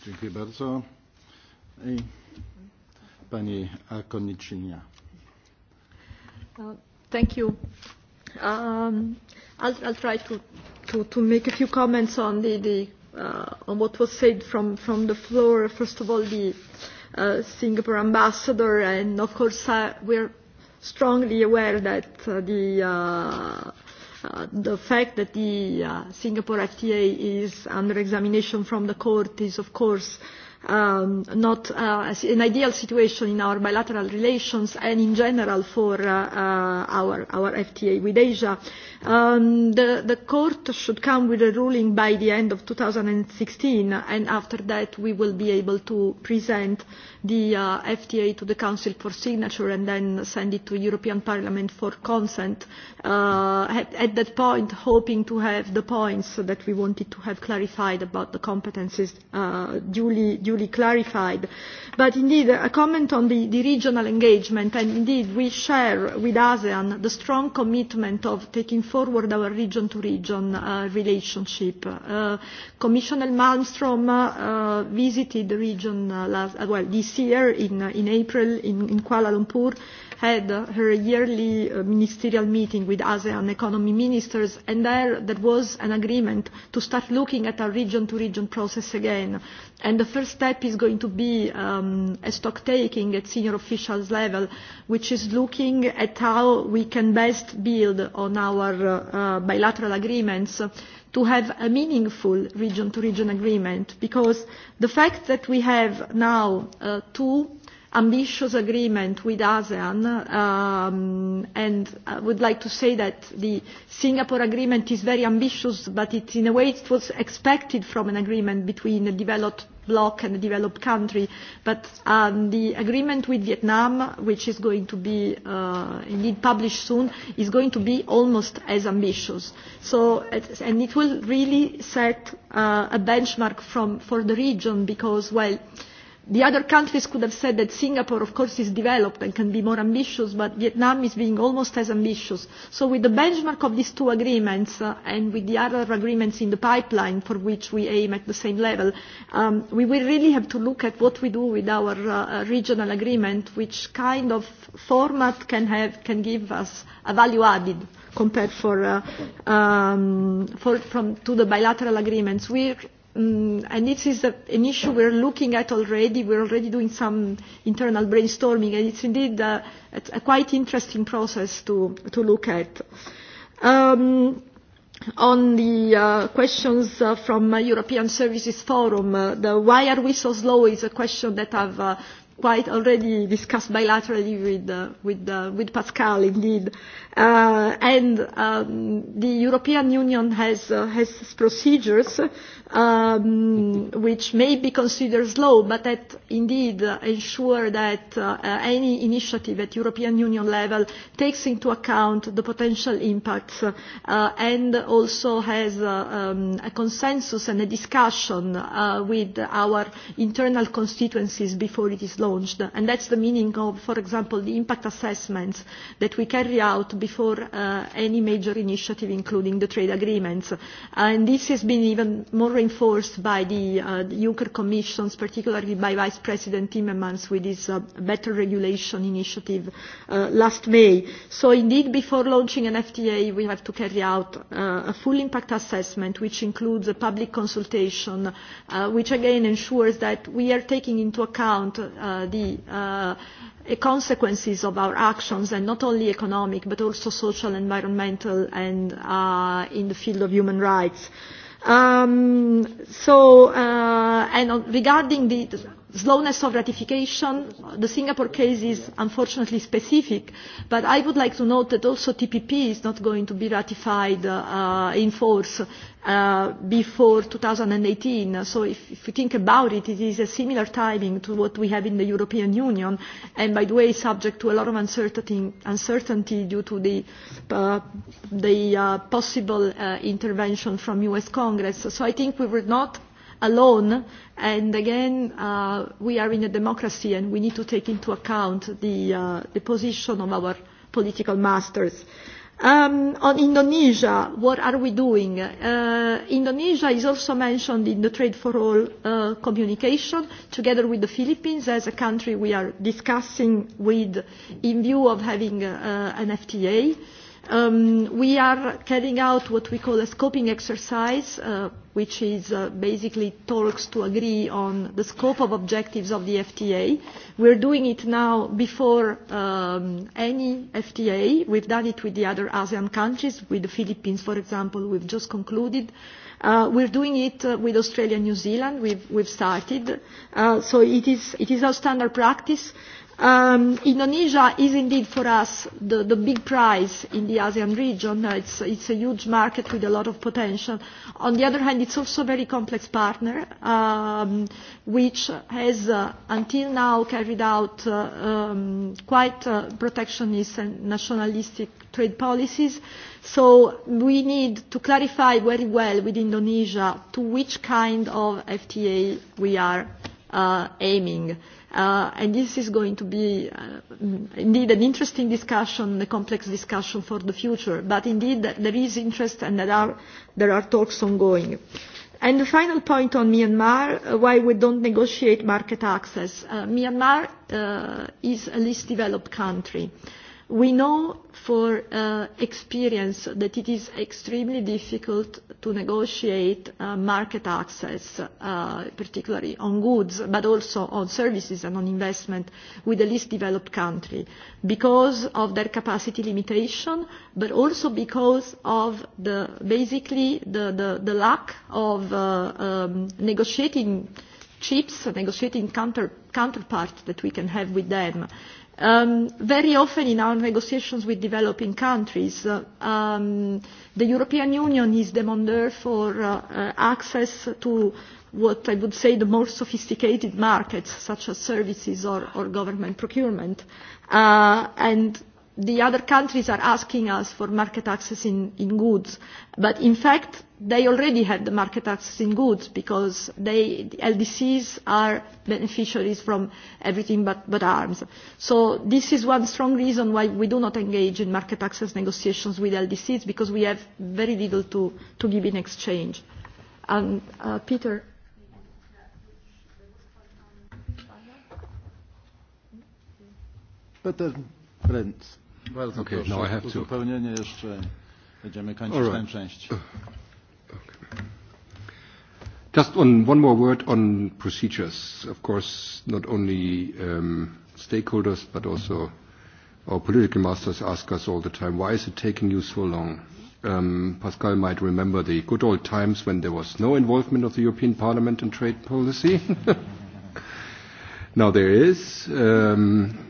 Dziękuję bardzo. Pani Akoniczynia. Thank you. Um, I'll, I'll try to, to, to make a few comments on the, the uh, on what was said from, from the floor. First of all, the uh, Singapore ambassador, and of course, uh, we're strongly aware that uh, the uh, The fact that the Singapore FTA is under examination from the court is, of course, not an ideal situation in our bilateral relations and in general for our our FTA with Asia. The court should come with a ruling by the end of 2016 and after that we will be able to present the FTA to the Council for signature and then send it to European Parliament for consent. At that point hoping to have the points that we wanted to have clarified about the competences duly duly clarified. But indeed, a comment on the regional engagement, and indeed we share with ASEAN the strong commitment of taking forward our region-to-region relationship. Commissioner Malmström visited the region this year in April in Kuala Lumpur had her yearly ministerial meeting with ASEAN economy ministers and there there was an agreement to start looking at a region to region process again. And the first step is going to be a stock taking at senior officials level, which is looking at how we can best build on our bilateral agreements to have a meaningful region to region agreement, because the fact that we have now two ambitious agreement with ASEAN, and I would like to say that the Singapore agreement is very ambitious, but it, in a way it was expected from an agreement between a developed bloc and a developed country. But the agreement with Vietnam, which is going to be indeed published soon, is going to be almost as ambitious. So, and it will really set a benchmark for the region because, well, The other countries could have said that Singapore, of course, is developed and can be more ambitious, but Vietnam is being almost as ambitious. So with the benchmark of these two agreements and with the other agreements in the pipeline for which we aim at the same level, we will really have to look at what we do with our regional agreement, which kind of format can have can give us a value added compared for from to the bilateral agreements and this is an issue we are looking at already. we are already doing some internal brainstorming, and it's indeed a quite interesting process to look at. On the questions from European Services Forum, the why are we so slow is a question that I've quite already discussed bilaterally with with with Pascal indeed and the European Union has has procedures which may be considered slow but that indeed ensure that any initiative at European Union level takes into account the potential impacts and also has a consensus and a discussion with our internal constituencies before it is launched and that's the meaning of for example the impact assessments that we carry out before any major initiative including the trade agreements and this has been even more reinforced by the Juncker Commissions particularly by Vice President Timmermans with his better regulation initiative last May so indeed before launching an FTA we have to carry out a full impact assessment which includes a public consultation which again ensures that we are taking into account the consequences of our actions, and not only economic, but also social, environmental, and in the field of human rights. So, and regarding the slowness of ratification, the Singapore case is unfortunately specific, but I would like to note that also TPP is not going to be ratified in force before 2018. So if you think about it, it is a similar timing to what we have in the European Union, and by the way, subject to a lot of uncertainty due to the possible intervention from US Congress. So I think we would not alone. And again, we are in a democracy and we need to take into account the the position of our political masters. On Indonesia, what are we doing? Indonesia is also mentioned in the Trade for All communication, together with the Philippines as a country we are discussing with in view of having an FTA. We are carrying out what we call a scoping exercise, which is basically talks to agree on the scope of objectives of the FTA. We're doing it now before any FTA. We've done it with the other ASEAN countries, with the Philippines, for example, we've just concluded. We're doing it with Australia and New Zealand. We've started. So it is our standard practice. Indonesia is indeed for us the big prize in the ASEAN region. It's a huge market with a lot of potential. On the other hand, it's also a very complex partner, which has until now carried out quite protectionist and nationalistic trade policies. So we need to clarify very well with Indonesia to which kind of FTA we are aiming. And this is going to be indeed an interesting discussion, a complex discussion for the future. But indeed there is interest and there are there are talks ongoing. And the final point on Myanmar, why we don't negotiate market access. Myanmar is a least developed country. We know for experience that it is extremely difficult to negotiate market access, particularly on goods, but also on services and on investment, with the least developed country, because of their capacity limitation, but also because of the basically the lack of negotiating chips, negotiating counterparts that we can have with them Very often in our negotiations with developing countries, the European Union is demander for access to what I would say the more sophisticated markets, such as services or government procurement. And the other countries are asking us for market access in goods. But in fact, they already had the market access in goods because they LDCs are beneficiaries from everything but but arms. So this is one strong reason why we do not engage in market access negotiations with LDCs because we have very little to to give in exchange. And Peter But Just one more word on procedures. Of course, not only stakeholders, but also our political masters ask us all the time, why is it taking you so long? Pascal might remember the good old times when there was no involvement of the European Parliament in trade policy. Now there is, and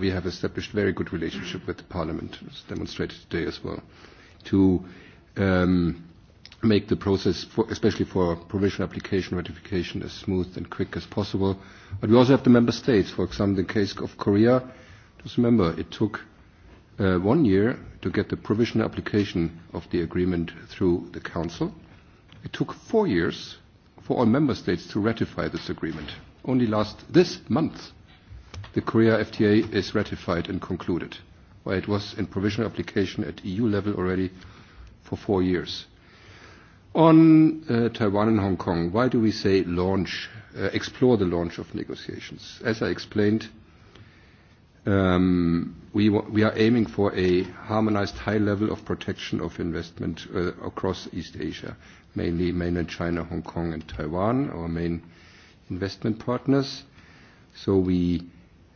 we have established very good relationship with the Parliament, as demonstrated today as well, to make the process, especially for provisional application ratification, as smooth and quick as possible. But we also have the member states. For example, in the case of Korea, just remember it took one year to get the provisional application of the agreement through the Council. It took four years for all member states to ratify this agreement. Only last this month, the Korea FTA is ratified and concluded, while it was in provisional application at EU level already for four years. On Taiwan and Hong Kong, why do we say launch, explore the launch of negotiations? As I explained, we we are aiming for a harmonized high level of protection of investment across East Asia, mainly mainland China, Hong Kong and Taiwan, our main investment partners. So we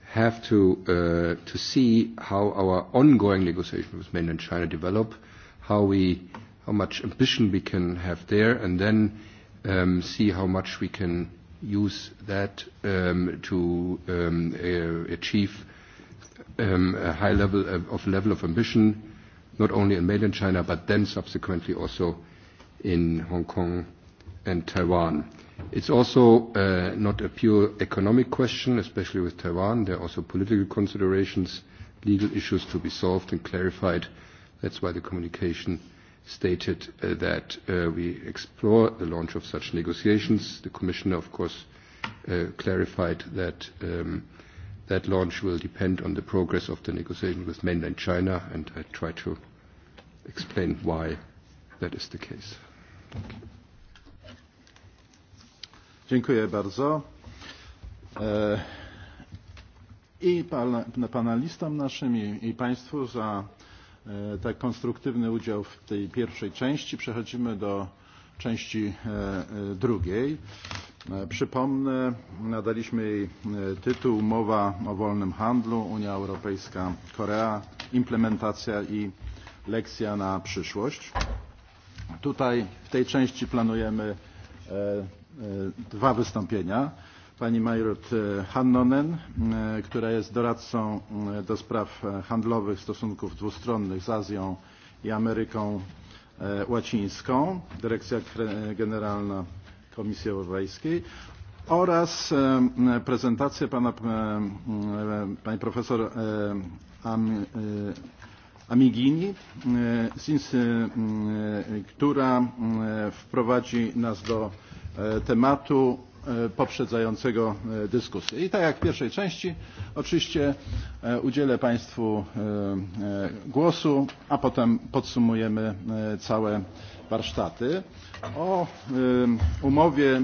have to to see how our ongoing negotiations with mainland China develop, how we how much ambition we can have there, and then see how much we can use that to achieve a high level of, level of ambition, not only in mainland China, but then subsequently also in Hong Kong and Taiwan. It's also not a pure economic question, especially with Taiwan. There are also political considerations, legal issues to be solved and clarified. That's why the communication stated that we explore the launch of such negotiations. The Commissioner, of course, clarified that that launch will depend on the progress of the negotiations with mainland China, and I try to explain why that is the case. Dziękuję bardzo. I listom naszym, i Państwu za tak konstruktywny udział w tej pierwszej części. Przechodzimy do części drugiej. Przypomnę, nadaliśmy jej tytuł Mowa o wolnym handlu Unia Europejska Korea implementacja i lekcja na przyszłość. Tutaj w tej części planujemy dwa wystąpienia pani Majrut Hannonen, która jest doradcą do spraw handlowych stosunków dwustronnych z Azją i Ameryką Łacińską, Dyrekcja Generalna Komisji Europejskiej oraz prezentację pana pani profesor Amigini, która wprowadzi nas do tematu poprzedzającego dyskusję. I tak jak w pierwszej części oczywiście udzielę Państwu głosu, a potem podsumujemy całe warsztaty. O umowie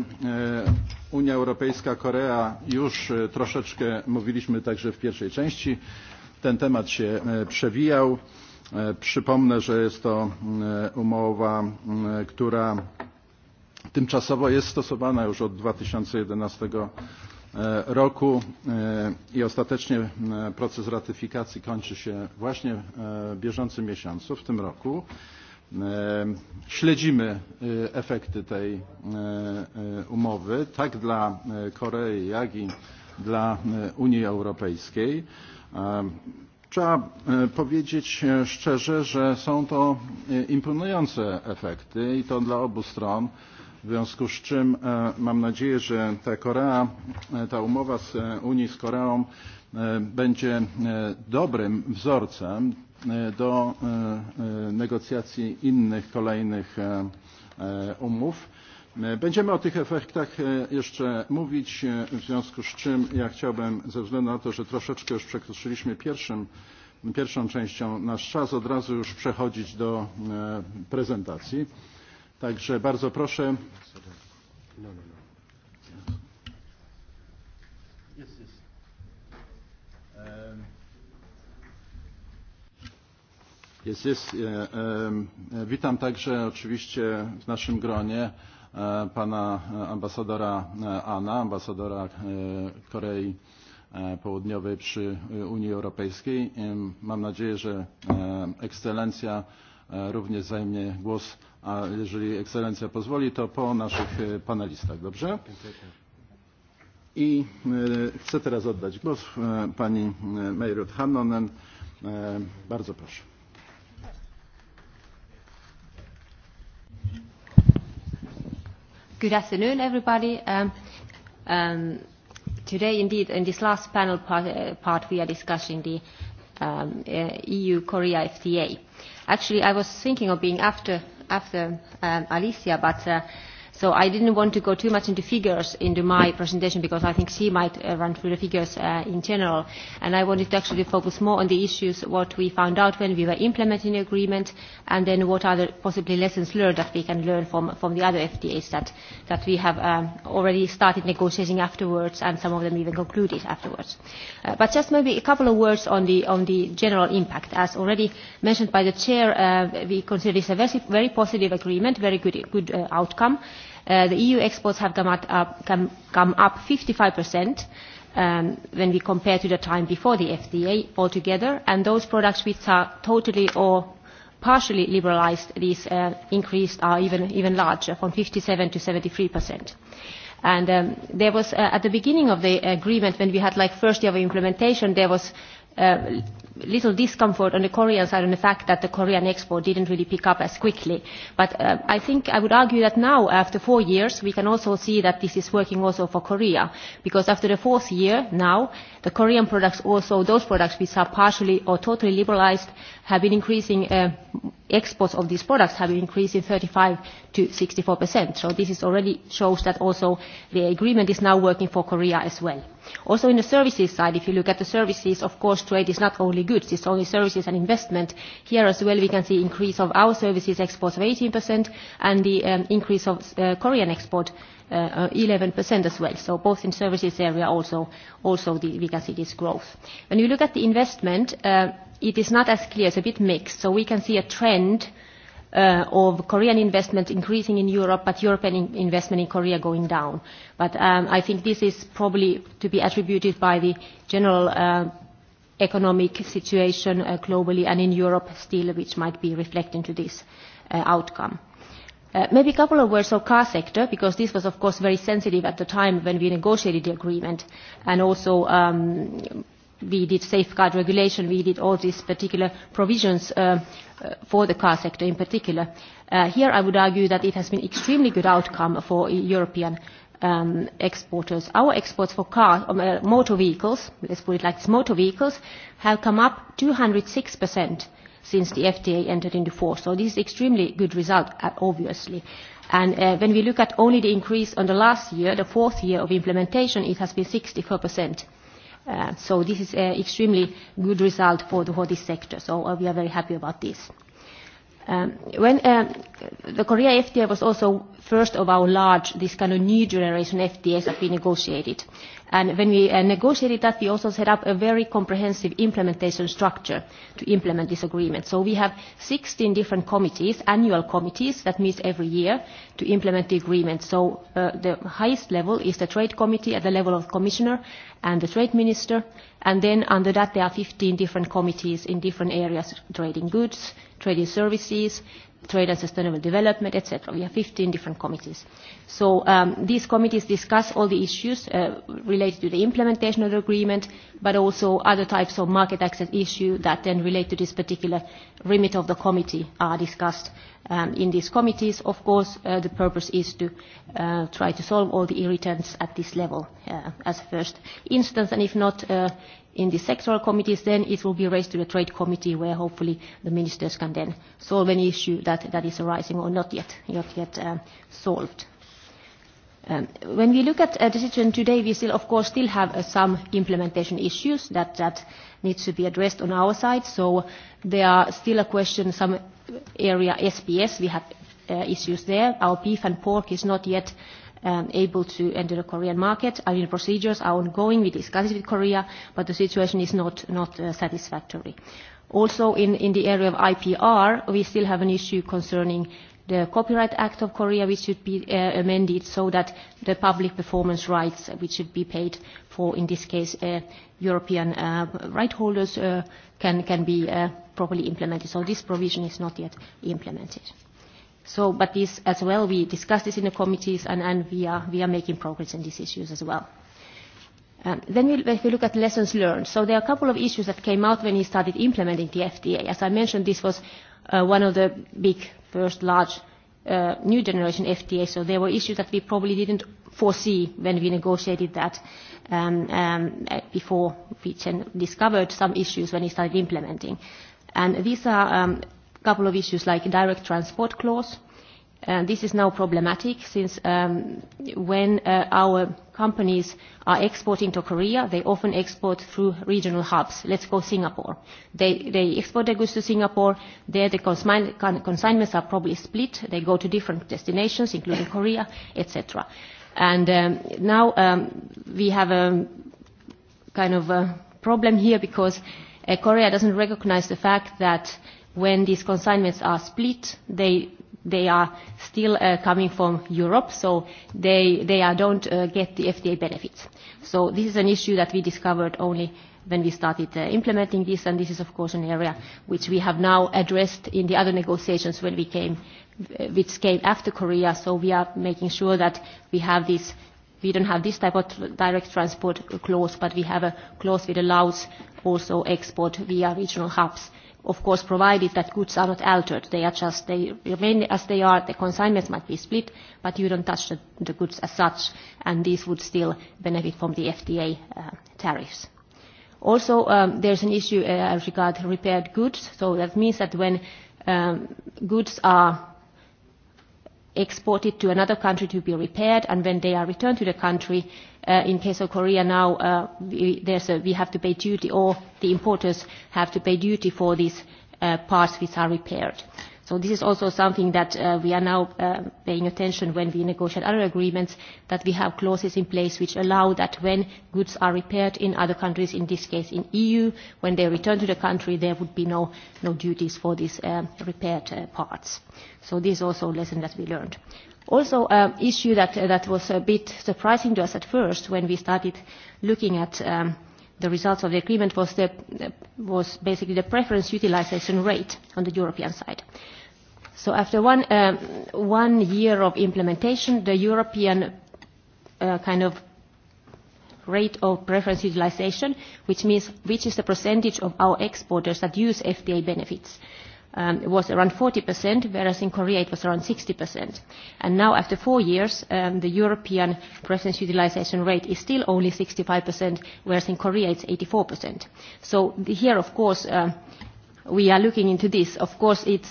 Unia Europejska-Korea już troszeczkę mówiliśmy także w pierwszej części. Ten temat się przewijał. Przypomnę, że jest to umowa, która tymczasowo jest stosowana już od 2011 roku i ostatecznie proces ratyfikacji kończy się właśnie w bieżącym miesiącu, w tym roku. Śledzimy efekty tej umowy tak dla Korei, jak i dla Unii Europejskiej. Trzeba powiedzieć szczerze, że są to imponujące efekty i to dla obu stron W związku z czym mam nadzieję, że ta Korea, ta umowa z Unii z Koreą będzie dobrym wzorcem do negocjacji innych kolejnych umów. Będziemy o tych efektach jeszcze mówić, w związku z czym ja chciałbym, ze względu na to, że troszeczkę już przekroczyliśmy pierwszym pierwszą częścią nasz czas od razu już przechodzić do prezentacji. Także bardzo proszę. Jest, jest. Witam także oczywiście w naszym gronie pana ambasadora Ana, ambasadora Korei Południowej przy Unii Europejskiej. Mam nadzieję, że ekscelencja również zajmie głos a jeżeli ekscelencja pozwoli, to po naszych panelistach, dobrze? I chcę teraz oddać głos pani Meirut Hannonen. Bardzo proszę. Good afternoon, everybody. Today, indeed, in this last panel part, we are discussing the EU-Korea FTA. Actually, I was thinking of being after after Alicia, but So I didn't want to go too much into figures into my presentation because I think she might run through the figures in general. And I wanted to actually focus more on the issues, what we found out when we were implementing the agreement, and then what are the possibly lessons learned that we can learn from the other FTAs that we have already started negotiating afterwards and some of them even concluded afterwards. But just maybe a couple of words on the general impact. As already mentioned by the Chair, we consider this a very positive agreement, very good outcome. The EU exports have come up 55% when we compare to the time before the fda altogether, and those products which are totally or partially liberalised, these increased are even even larger, from 57 to 73%. And there was, at the beginning of the agreement, when we had like first year of implementation, there was little discomfort on the Korean side on the fact that the Korean export didn't really pick up as quickly. But I think I would argue that now, after four years, we can also see that this is working also for Korea, because after the fourth year now, the Korean products also, those products which are partially or totally liberalized, have been increasing exports of these products have been increasing 35 to 64%. So this is already shows that also the agreement is now working for Korea as well. Also in the services side, if you look at the services, of course trade is not only goods, it's only services and investment. Here as well we can see increase of our services exports of 18% and the increase of Korean export 11% as well. So both in services area also we can see this growth. When you look at the investment, it is not as clear. It's a bit mixed. So we can see a trend of Korean investment increasing in Europe, but European investment in Korea going down. But I think this is probably to be attributed by the general economic situation globally and in Europe still, which might be reflecting to this outcome. Maybe a couple of words on car sector, because this was, of course, very sensitive at the time when we negotiated the agreement, and also we did safeguard regulation, we did all these particular provisions for the car sector in particular. Here I would argue that it has been extremely good outcome for European exporters. Our exports for motor vehicles, let's put it like motor vehicles, have come up 206% since the FTA entered into force. So this is extremely good result, obviously. And when we look at only the increase on the last year, the fourth year of implementation, it has been 64%. So this is an extremely good result for the this sector. So we are very happy about this. When the Korea FTA was also first of our large, this kind of new generation FTAs have we negotiated. And when we negotiated that, we also set up a very comprehensive implementation structure to implement this agreement. So we have 16 different committees, annual committees, that meet every year to implement the agreement. So the highest level is the Trade Committee at the level of Commissioner and the Trade Minister and then under that there are 15 different committees in different areas, trading goods, trading services, trade and sustainable development, etc. We have 15 different committees. So these committees discuss all the issues related to the implementation of the agreement, but also other types of market access issues that then relate to this particular remit of the committee are discussed in these committees. Of course, the purpose is to try to solve all the irritants at this level as a first instance, and if not in the sectoral committees, then it will be raised to the Trade Committee, where hopefully the ministers can then solve any issue that that is arising or not yet solved. When we look at the situation today, we still, of course, still have some implementation issues that that needs to be addressed on our side. So there are still a question, some area SPS, we have issues there. Our beef and pork is not yet able to enter the Korean market. our mean, procedures are ongoing. We discuss it with Korea, but the situation is not not satisfactory. Also, in in the area of IPR, we still have an issue concerning the Copyright Act of Korea, which should be amended so that the public performance rights, which should be paid for, in this case, European right holders, can can be properly implemented. So this provision is not yet implemented. So, but this as well, we discussed this in the committees, and and we are making progress in these issues as well. Then if we look at lessons learned, so there are a couple of issues that came out when he started implementing the FDA. As I mentioned, this was one of the big, first large new generation FTA. So there were issues that we probably didn't foresee when we negotiated that before we discovered some issues when we started implementing. And these are a couple of issues like direct transport clause This is now problematic since when our companies are exporting to Korea, they often export through regional hubs. Let's go Singapore. They export their goods to Singapore. There the consignments are probably split. They go to different destinations, including Korea, etc. And now we have a kind of a problem here because Korea doesn't recognize the fact that when these consignments are split, they they are still coming from Europe, so they they don't get the FDA benefits. So this is an issue that we discovered only when we started implementing this, and this is of course an area which we have now addressed in the other negotiations when we came, which came after Korea. So we are making sure that we have this, we don't have this type of direct transport clause, but we have a clause which allows also export via regional hubs of course provided that goods are not altered. They are just, they remain as they are, the consignments might be split, but you don't touch the goods as such, and these would still benefit from the FTA tariffs. Also, there's an issue regarding repaired goods, so that means that when goods are exported to another country to be repaired and when they are returned to the country in case of Korea now there's a we have to pay duty or the importers have to pay duty for these parts which are repaired. So this is also something that we are now paying attention when we negotiate other agreements, that we have clauses in place which allow that when goods are repaired in other countries, in this case in EU, when they return to the country, there would be no duties for these repaired parts. So this is also a lesson that we learned. Also, an issue that was a bit surprising to us at first when we started looking at the results of the agreement was the was basically the preference utilization rate on the European side. So after one one year of implementation, the European kind of rate of preference utilization, which means which is the percentage of our exporters that use FTA benefits, It was around 40%, whereas in Korea it was around 60%. And now, after four years, the European presence utilization rate is still only 65%, whereas in Korea it's 84%. So here, of course, we are looking into this. Of course, it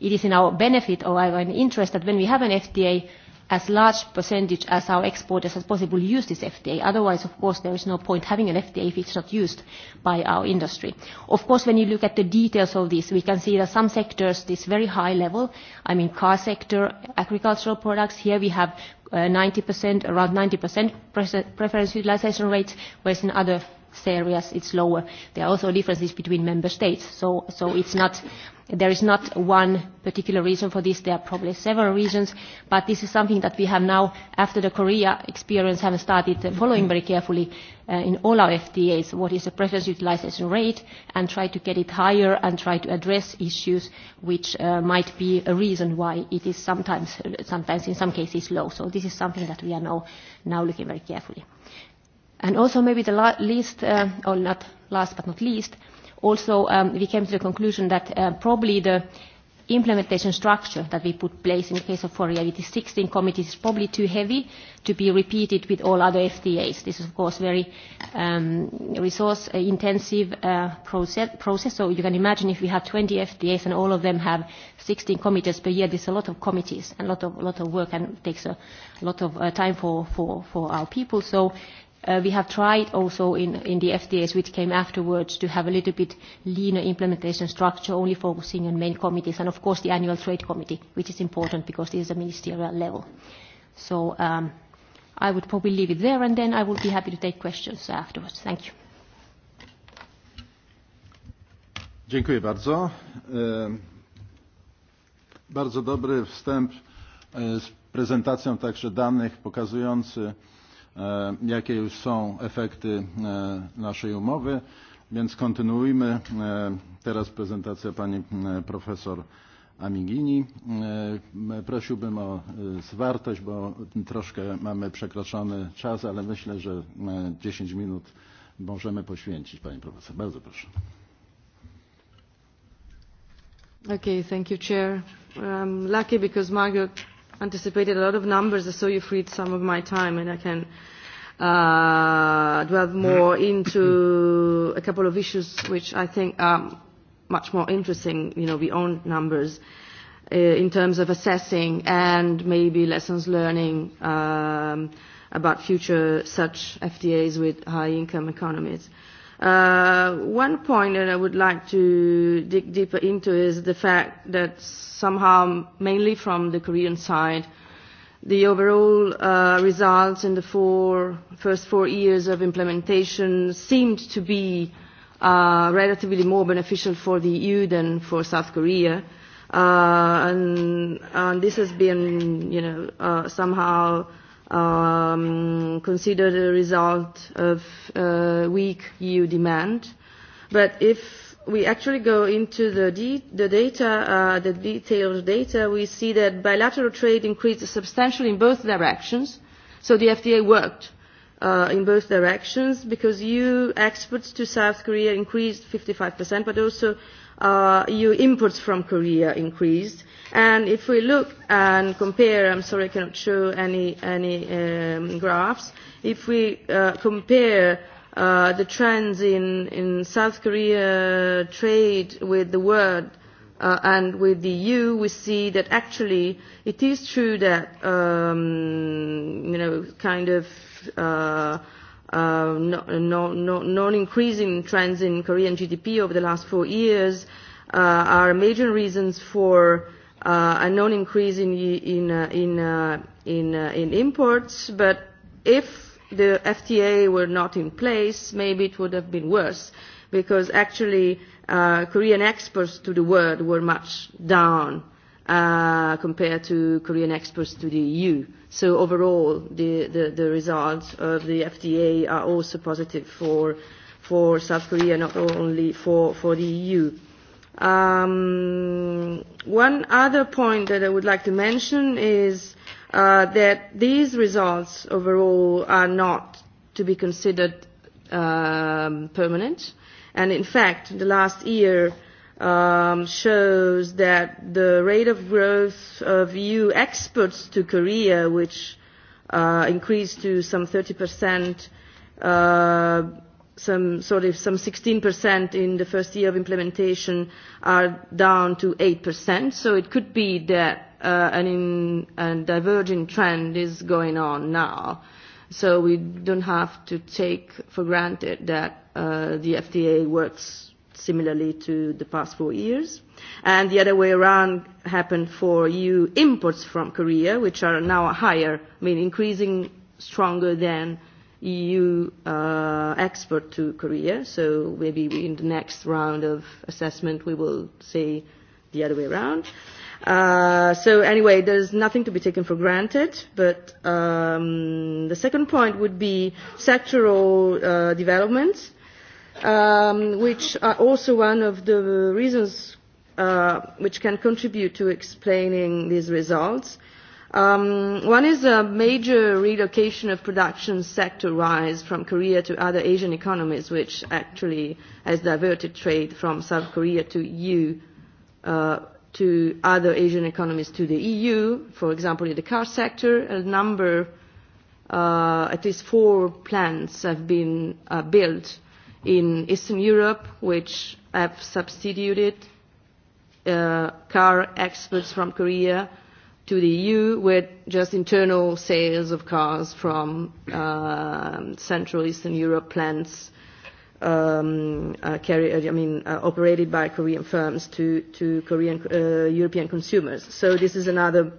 is in our benefit or our interest that when we have an FDA as large percentage as our exporters as possible use this FTA. Otherwise, of course, there is no point having an FTA if it's not used by our industry. Of course, when you look at the details of this, we can see that some sectors, this very high level, I mean car sector, agricultural products, here we have 90%, around 90% preference utilization rates, whereas in other areas it's lower. There are also differences between member states, so it's not There is not one particular reason for this. There are probably several reasons, but this is something that we have now, after the Korea experience, have started following very carefully in all our FTAs what is the preference utilization rate and try to get it higher and try to address issues which might be a reason why it is sometimes, sometimes in some cases, low. So this is something that we are now now looking very carefully. And also maybe the least, or not last but not least, also we came to the conclusion that probably the implementation structure that we put place in the case of Foria with the 16 committees is probably too heavy to be repeated with all other FTAs. This is, of course, very resource-intensive process. So you can imagine if we have 20 FTAs and all of them have 16 committees per year, there's a lot of committees and a lot of work and takes a lot of time for our people. So We have tried also in the FTAs which came afterwards to have a little bit leaner implementation structure, only focusing on main committees and of course the annual trade committee, which is important because this is a ministerial level. So I would probably leave it there and then I would be happy to take questions afterwards. Thank you. Dziękuję bardzo. Bardzo dobry wstęp z prezentacją także danych pokazujący jakie już są efekty naszej umowy, więc kontynuujmy. Teraz prezentacja pani profesor Amigini. Prosiłbym o zwartość, bo troszkę mamy przekroczony czas, ale myślę, że 10 minut możemy poświęcić pani profesor. Bardzo proszę. Okay, thank you, Chair. lucky because Margaret anticipated a lot of numbers, so you freed some of my time, and I can uh, delve more into a couple of issues which I think are much more interesting, you know, beyond numbers, in terms of assessing and maybe lessons learning um, about future such FTAs with high-income economies. One point that I would like to dig deeper into is the fact that somehow, mainly from the Korean side, the overall results in the first four years of implementation seemed to be relatively more beneficial for the EU than for South Korea. And this has been, you know, somehow considered a result of weak EU demand. But if we actually go into the the data, the detailed data, we see that bilateral trade increased substantially in both directions. So the FDA worked in both directions because EU exports to South Korea increased 55%, but also EU imports from Korea increased And if we look and compare, I'm sorry I cannot show any any graphs. If we compare the trends in in South Korea trade with the world and with the EU, we see that actually it is true that you know kind of non-increasing trends in Korean GDP over the last four years are major reasons for a known increase in in in in in imports but if the fta were not in place maybe it would have been worse because actually korean exports to the world were much down compared to korean exports to the eu so overall the the the results of the fta are also positive for for south korea not only for for the eu One other point that I would like to mention is that these results overall are not to be considered permanent. And in fact, the last year shows that the rate of growth of EU exports to Korea, which increased to some 30%, some sort of some 16% in the first year of implementation are down to 8%. So it could be that a diverging trend is going on now. So we don't have to take for granted that the FTA works similarly to the past four years. And the other way around happened for EU imports from Korea, which are now higher, I mean, increasing stronger than EU expert to Korea. So maybe in the next round of assessment we will say the other way around. So anyway, there's nothing to be taken for granted. But the second point would be sectoral developments, which are also one of the reasons which can contribute to explaining these results. One is a major relocation of production sector rise from Korea to other Asian economies, which actually has diverted trade from South Korea to EU to other Asian economies to the EU. For example, in the car sector, a number, at least four plants have been built in Eastern Europe, which have substituted car exports from Korea to the EU with just internal sales of cars from Central Eastern Europe plants um I mean operated by Korean firms to to Korean European consumers. So this is another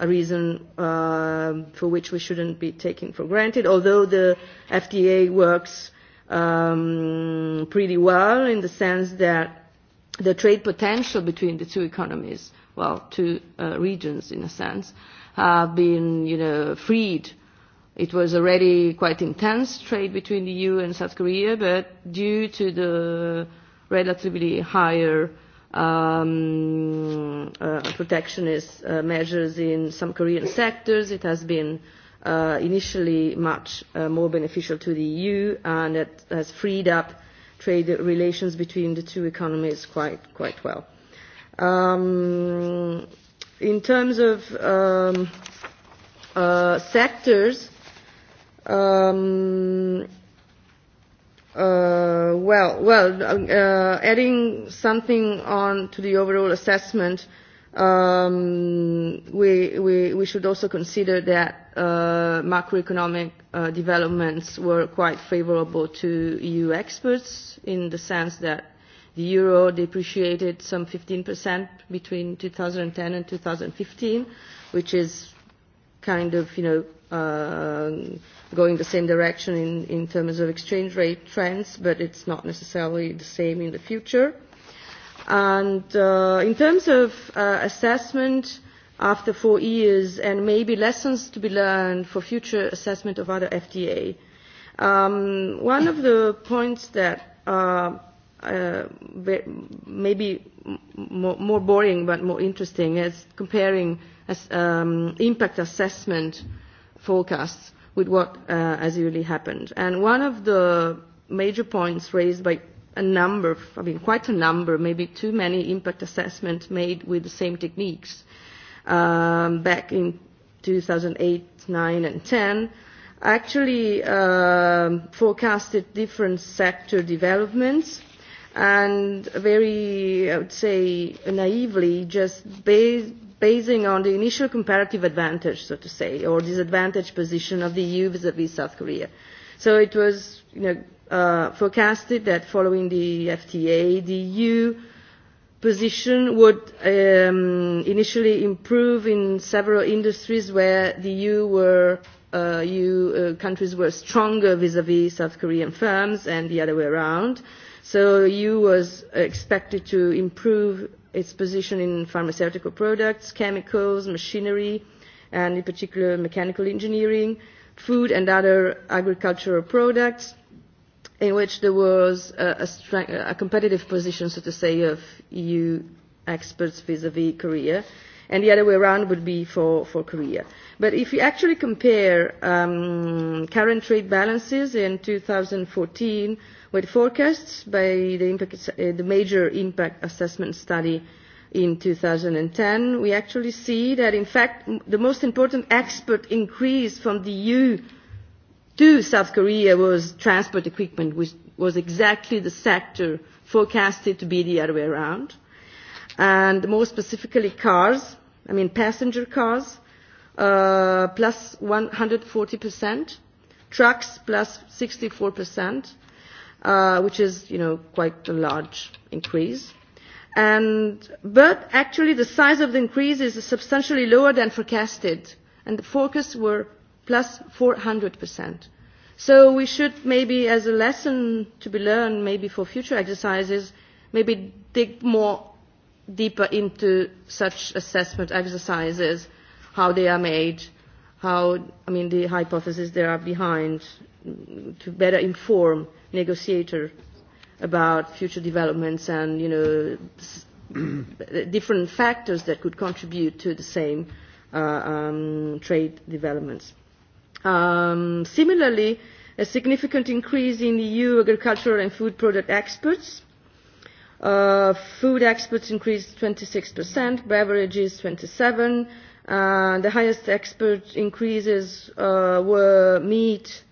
reason for which we shouldn't be taking for granted, although the FTA works um pretty well in the sense that the trade potential between the two economies well, two regions in a sense, have been, you know, freed. It was already quite intense trade between the EU and South Korea, but due to the relatively higher protectionist measures in some Korean sectors, it has been initially much more beneficial to the EU and it has freed up trade relations between the two economies quite quite well. In terms of sectors, well, well, adding something on to the overall assessment, we we we should also consider that macroeconomic developments were quite favorable to EU experts in the sense that The euro depreciated some 15% between 2010 and 2015, which is kind of, you know, going the same direction in in terms of exchange rate trends, but it's not necessarily the same in the future. And in terms of assessment after four years and maybe lessons to be learned for future assessment of other FDA, one of the points that maybe more boring but more interesting is comparing impact assessment forecasts with what has really happened. And one of the major points raised by a number, I mean quite a number, maybe too many impact assessments made with the same techniques um back in 2008, 9 and 10 actually forecasted different sector developments and very, I would say, naively just basing on the initial comparative advantage, so to say, or disadvantaged position of the EU vis-à-vis South Korea. So it was forecasted that following the FTA, the EU position would initially improve in several industries where the EU were EU countries were stronger vis-à-vis South Korean firms and the other way around So the EU was expected to improve its position in pharmaceutical products, chemicals, machinery, and in particular mechanical engineering, food and other agricultural products, in which there was a competitive position, so to say, of EU experts vis-à-vis Korea, and the other way around would be for Korea. But if you actually compare current trade balances in 2014, With forecasts by the, the major impact assessment study in 2010. We actually see that, in fact, the most important export increase from the EU to South Korea was transport equipment, which was exactly the sector forecasted to be the other way around. And more specifically, cars, I mean passenger cars, plus 140%, trucks plus 64%, which is, you know, quite a large increase. And, but actually the size of the increase is substantially lower than forecasted, and the forecasts were plus 400%. So we should maybe, as a lesson to be learned, maybe for future exercises, maybe dig more deeper into such assessment exercises, how they are made, how, I mean, the hypotheses there are behind to better inform negotiators about future developments and, you know, different factors that could contribute to the same trade developments. Similarly, a significant increase in EU agricultural and food product exports. Food exports increased 26%, beverages 27%, The highest export increases were meat,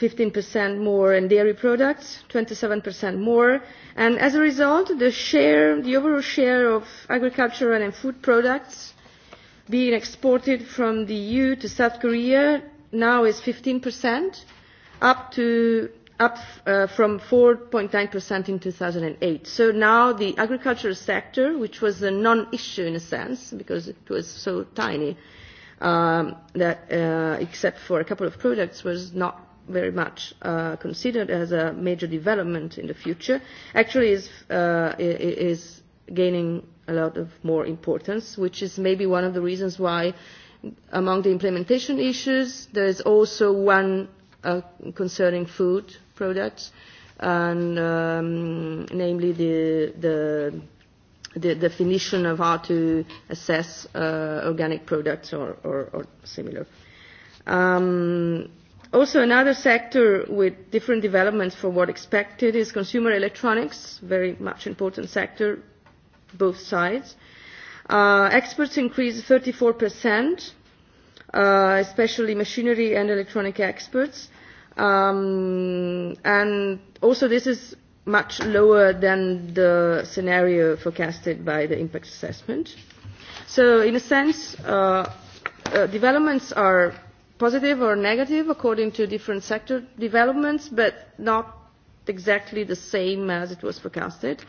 15% more, and dairy products, 27% more. And as a result, the share, the overall share of agricultural and food products being exported from the EU to South Korea now is 15%, up to up from 4.9% in 2008. So now the agricultural sector, which was a non-issue in a sense, because it was so tiny, that except for a couple of products was not very much considered as a major development in the future, actually is is gaining a lot of more importance, which is maybe one of the reasons why among the implementation issues there is also one concerning food products, and namely the the the definition of how to assess organic products or or similar. Also another sector with different developments for what expected is consumer electronics, very much important sector, both sides. Exports increased 34%, especially machinery and electronic experts and also this is much lower than the scenario forecasted by the impact assessment. So in a sense, developments are positive or negative according to different sector developments, but not exactly the same as it was forecasted,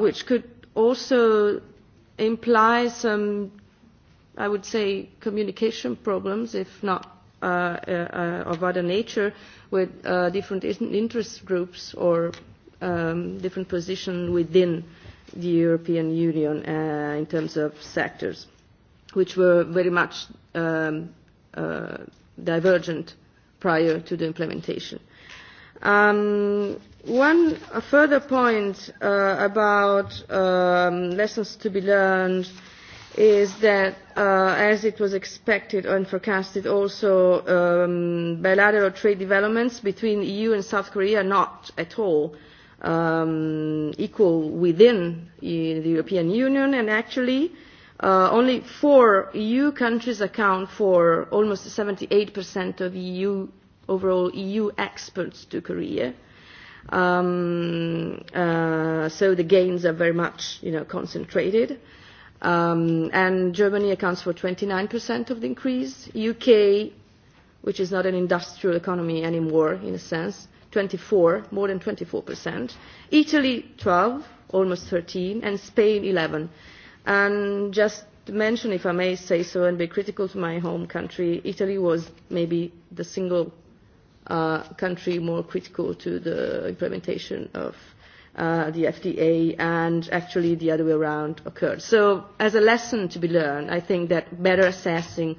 which could also imply some, I would say, communication problems, if not of other nature with different interest groups or different positions within the European Union in terms of sectors, which were very much divergent prior to the implementation. One further point about lessons to be learned is that, as it was expected and forecasted, also bilateral trade developments between the EU and South Korea are not at all equal within the European Union, and actually only four EU countries account for almost 78% of EU overall EU exports to Korea. So the gains are very much, you know, concentrated and Germany accounts for 29% of the increase. UK, which is not an industrial economy anymore in a sense, 24, more than 24%. Italy 12, almost 13, and Spain 11. And just to mention, if I may say so, and be critical to my home country, Italy was maybe the single country more critical to the implementation of the FDA and actually the other way around occurred. So as a lesson to be learned, I think that better assessing,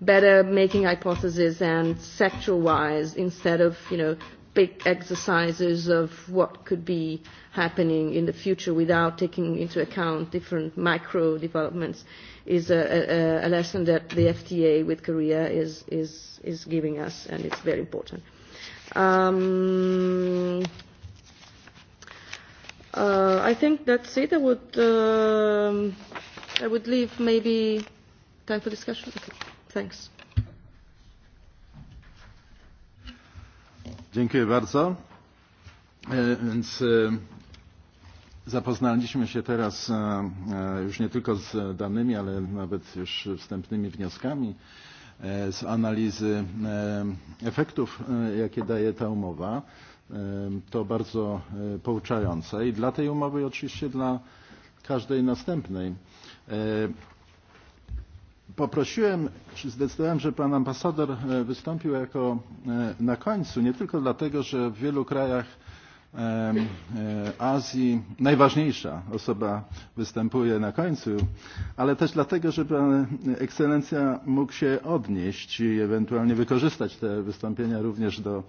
better making hypotheses and sector-wise instead of, you know, big exercises of what could be happening in the future without taking into account different micro developments is a, a, lesson that the FTA with Korea is, is, is giving us and it's very important. Um, I think that's it. I would I would leave maybe time for discussion. Thanks. Dziękuję bardzo. Więc zapoznaliśmy się teraz już nie tylko z danymi, ale nawet już wstępnymi wnioskami z analizy efektów, jakie daje ta umowa to bardzo pouczające i dla tej umowy i oczywiście dla każdej następnej. Poprosiłem, czy zdecydowałem, że pan ambasador wystąpił jako na końcu, nie tylko dlatego, że w wielu krajach Azji najważniejsza osoba występuje na końcu, ale też dlatego, żeby ekscelencja mógł się odnieść i ewentualnie wykorzystać te wystąpienia również do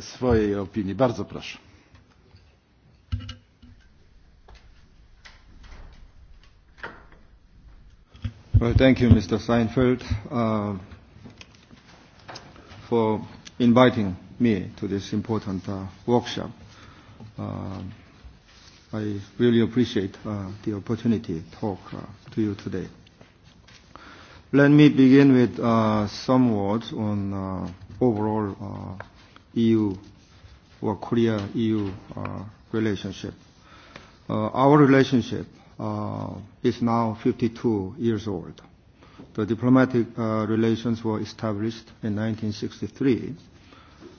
swojej opinii. Bardzo proszę. Well, thank you, Mr. Seinfeld, uh, for inviting me to this important workshop. I really appreciate the opportunity to talk to you today. Let me begin with some words on overall EU or Korea-EU relationship. Our relationship is now 52 years old. The diplomatic relations were established in 1963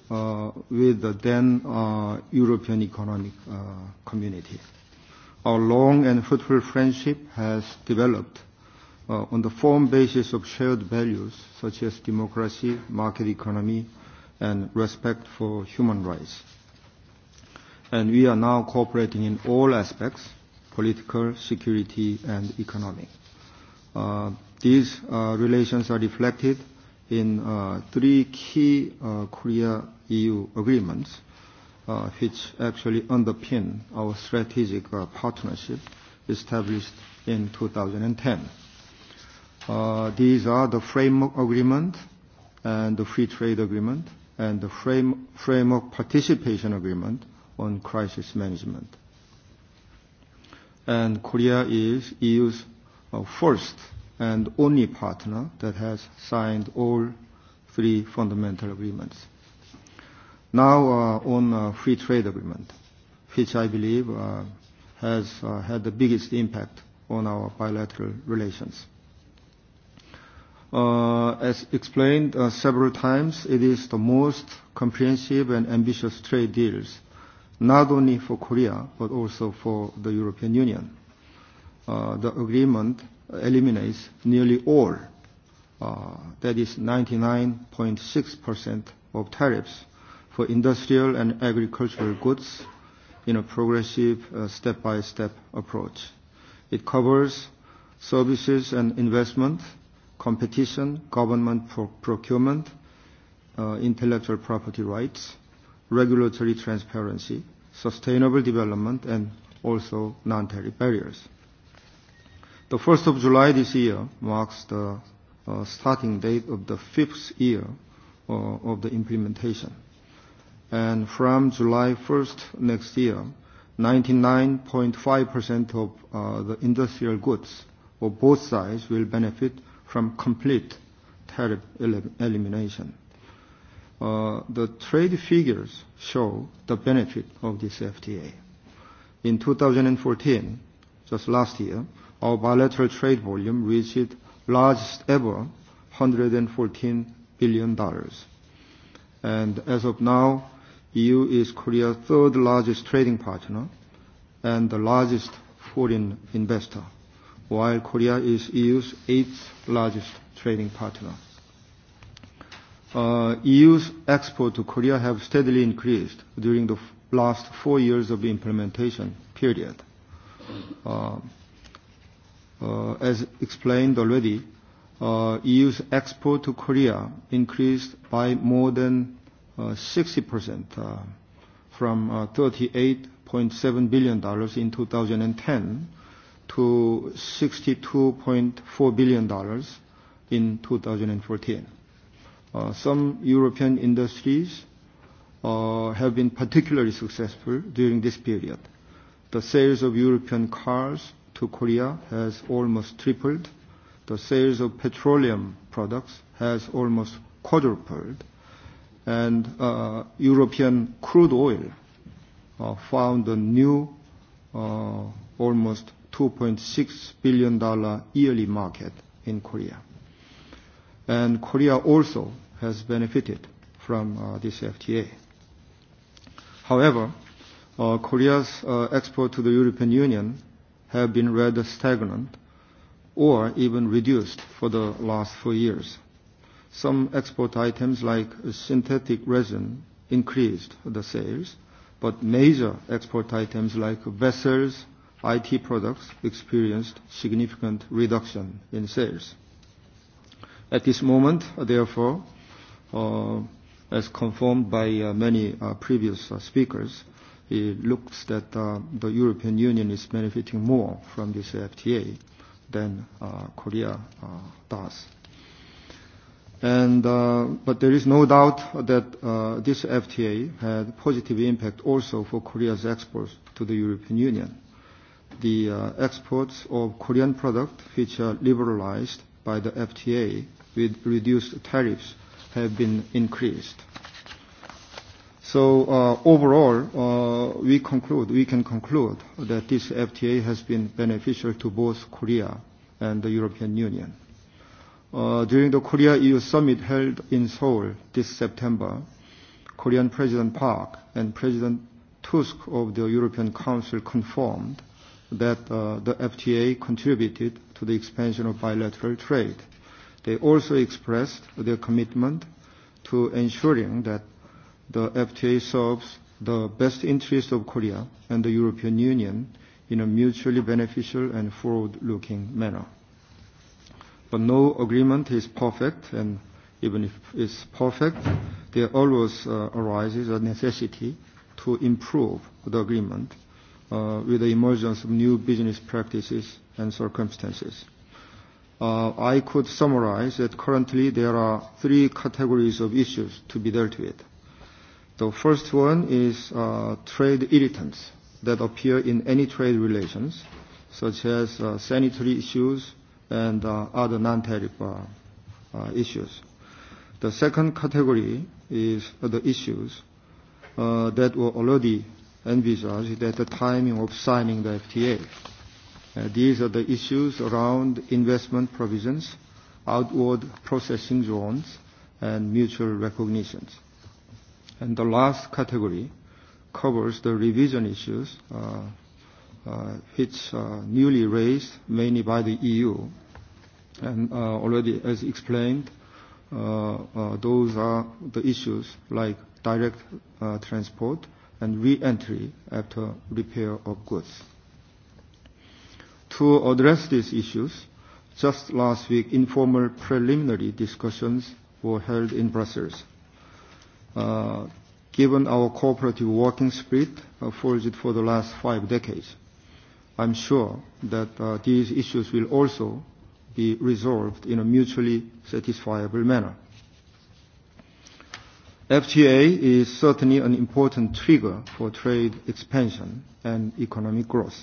with the then European Economic Community. Our long and fruitful friendship has developed on the firm basis of shared values such as democracy, market economy, and respect for human rights. And we are now cooperating in all aspects, political, security, and economic. These relations are reflected in three key Korea-EU agreements, which actually underpin our strategic partnership established in 2010. These are the Framework Agreement and the Free Trade Agreement and the Framework Participation Agreement on Crisis Management. And Korea is EU's first and only partner that has signed all three fundamental agreements. Now on a free trade agreement, which I believe has had the biggest impact on our bilateral relations. As explained several times, it is the most comprehensive and ambitious trade deals, not only for Korea, but also for the European Union. The agreement eliminates nearly all, that is 99.6% of tariffs for industrial and agricultural goods in a progressive step-by-step approach. It covers services and investment, competition, government procurement, intellectual property rights, regulatory transparency, sustainable development, and also non-tariff barriers. The 1st of July this year marks the starting date of the fifth year of the implementation. And from July 1st next year, 99.5% of the industrial goods of both sides will benefit from complete tariff elimination. The trade figures show the benefit of this FTA. In 2014, just last year, our bilateral trade volume reached largest ever, $114 billion. And as of now, EU is Korea's third largest trading partner and the largest foreign investor, while Korea is EU's eighth largest trading partner. EU's export to Korea have steadily increased during the last four years of the implementation period. As explained already, EU's export to Korea increased by more than 60% from 38.7 billion dollars in 2010 to 62.4 billion dollars in 2014. Some European industries have been particularly successful during this period. The sales of European cars to Korea has almost tripled. The sales of petroleum products has almost quadrupled. And European crude oil found a new almost 2.6 billion dollar yearly market in Korea. And Korea also has benefited from this FTA. However, Korea's export to the European Union have been rather stagnant or even reduced for the last four years. Some export items like synthetic resin increased the sales, but major export items like vessels, IT products experienced significant reduction in sales. At this moment, therefore, as confirmed by many previous speakers, it looks that the European Union is benefiting more from this FTA than Korea does. And but there is no doubt that this FTA had positive impact also for Korea's exports to the European Union. The exports of Korean products which are liberalized by the FTA with reduced tariffs have been increased So overall, we conclude, we can conclude that this FTA has been beneficial to both Korea and the European Union. During the Korea-EU summit held in Seoul this September, Korean President Park and President Tusk of the European Council confirmed that the FTA contributed to the expansion of bilateral trade. They also expressed their commitment to ensuring that the FTA serves the best interests of Korea and the European Union in a mutually beneficial and forward-looking manner. But no agreement is perfect, and even if it's perfect, there always arises a necessity to improve the agreement with the emergence of new business practices and circumstances. I could summarize that currently there are three categories of issues to be dealt with. The first one is trade irritants that appear in any trade relations, such as sanitary issues and other non-tariff issues. The second category is the issues that were already envisaged at the timing of signing the FTA. These are the issues around investment provisions, outward processing zones, and mutual recognitions. And the last category covers the revision issues which are newly raised mainly by the EU. And already as explained, those are the issues like direct transport and re-entry after repair of goods. To address these issues, just last week informal preliminary discussions were held in Brussels Given our cooperative working spirit forged for the last five decades, I'm sure that these issues will also be resolved in a mutually satisfiable manner. FTA is certainly an important trigger for trade expansion and economic growth,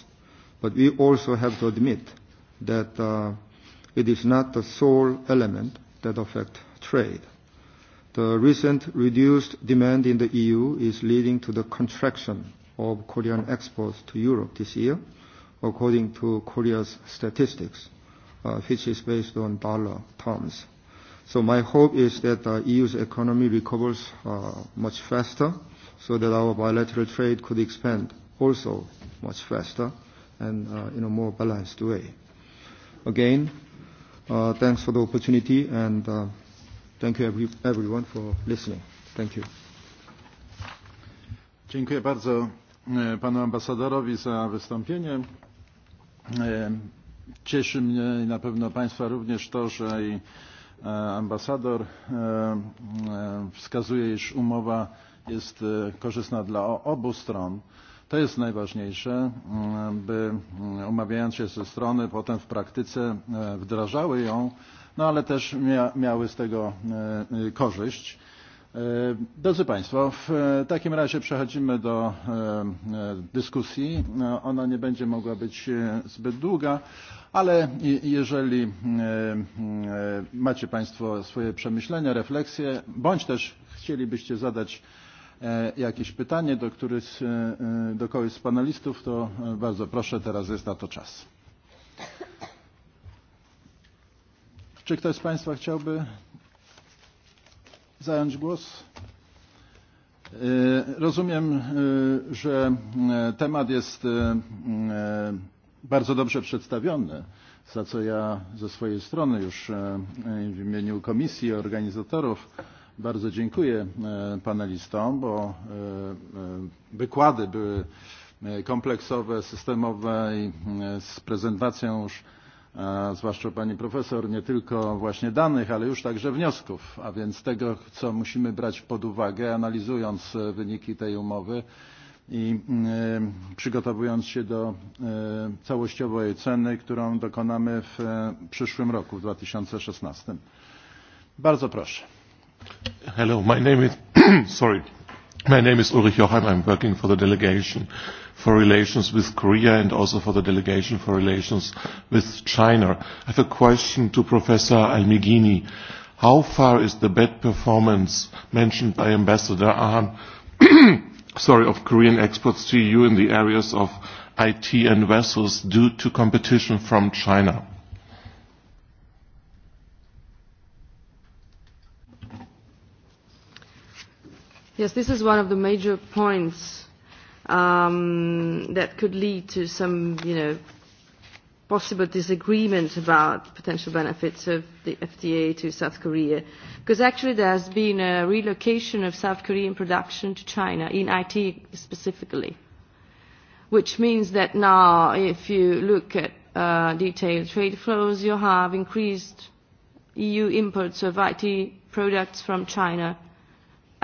but we also have to admit that it is not the sole element that affects trade. The recent reduced demand in the EU is leading to the contraction of Korean exports to Europe this year, according to Korea's statistics, which is based on dollar terms. So my hope is that the EU's economy recovers much faster so that our bilateral trade could expand also much faster and in a more balanced way. Again, thanks for the opportunity and Thank you everyone for listening. Thank you. Dziękuję bardzo panu ambasadorowi za wystąpienie. Cieszy mnie i na pewno państwa również to, że i ambasador wskazuje, iż umowa jest korzystna dla obu stron. To jest najważniejsze, by umawiając się ze strony potem w praktyce wdrażały ją no ale też miały z tego korzyść. Drodzy Państwo, w takim razie przechodzimy do dyskusji. Ona nie będzie mogła być zbyt długa, ale jeżeli macie Państwo swoje przemyślenia, refleksje, bądź też chcielibyście zadać jakieś pytanie do kogoś z panelistów, to bardzo proszę, teraz jest na to czas. Czy ktoś z Państwa chciałby zająć głos? Rozumiem, że temat jest bardzo dobrze przedstawiony, za co ja ze swojej strony już w imieniu komisji organizatorów bardzo dziękuję panelistom, bo wykłady były kompleksowe, systemowe i z prezentacją już zwłaszcza pani profesor, nie tylko właśnie danych, ale już także wniosków, a więc tego, co musimy brać pod uwagę, analizując wyniki tej umowy i przygotowując się do całościowej ceny, którą dokonamy w przyszłym roku, w 2016. Bardzo proszę. Hello, my name is... Sorry. My name is Ulrich I I'm working for the delegation for relations with Korea and also for the delegation for relations with China. I have a question to Professor Almigini. How far is the bad performance mentioned by Ambassador Ahn sorry, of Korean exports to EU in the areas of IT and vessels due to competition from China? Yes, this is one of the major points that could lead to some, you know, possible disagreement about potential benefits of the FTA to South Korea. Because actually there has been a relocation of South Korean production to China, in IT specifically. Which means that now if you look at detailed trade flows, you have increased EU imports of IT products from China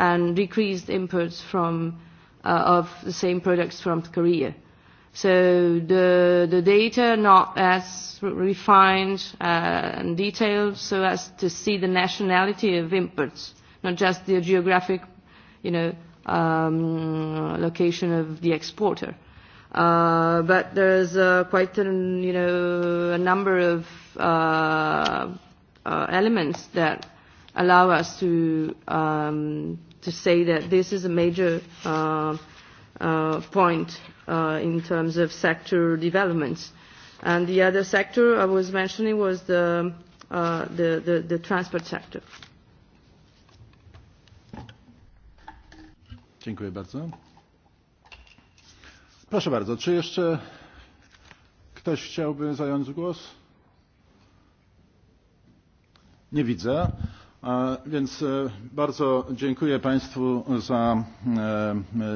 and decreased imports from of the same products from Korea. So the the data not as refined and detailed so as to see the nationality of imports, not just the geographic, you know, location of the exporter. But there's quite you know a number of elements that allow us to to say that this is a major point in terms of sector developments. And the other sector I was mentioning was the the transport sector. Dziękuję bardzo. Proszę bardzo, czy jeszcze ktoś chciałby zająć głos? Nie widzę. Więc bardzo dziękuję Państwu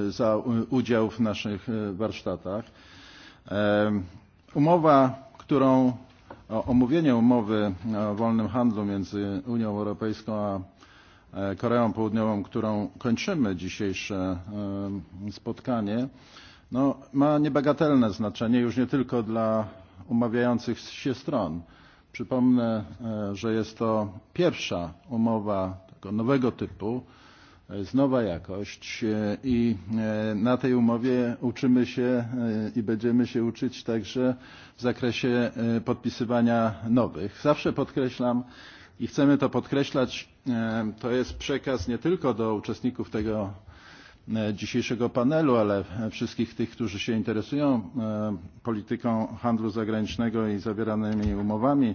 za udział w naszych warsztatach. Umowa, którą omówienie umowy o wolnym handlu między Unią Europejską a Koreą Południową, którą kończymy dzisiejsze spotkanie, ma niebagatelne znaczenie już nie tylko dla umawiających się stron Przypomnę, że jest to pierwsza umowa tego nowego typu, z nowa jakość i na tej umowie uczymy się i będziemy się uczyć także w zakresie podpisywania nowych. Zawsze podkreślam i chcemy to podkreślać, to jest przekaz nie tylko do uczestników tego dzisiejszego panelu, ale wszystkich tych, którzy się interesują polityką handlu zagranicznego i zawieranymi umowami.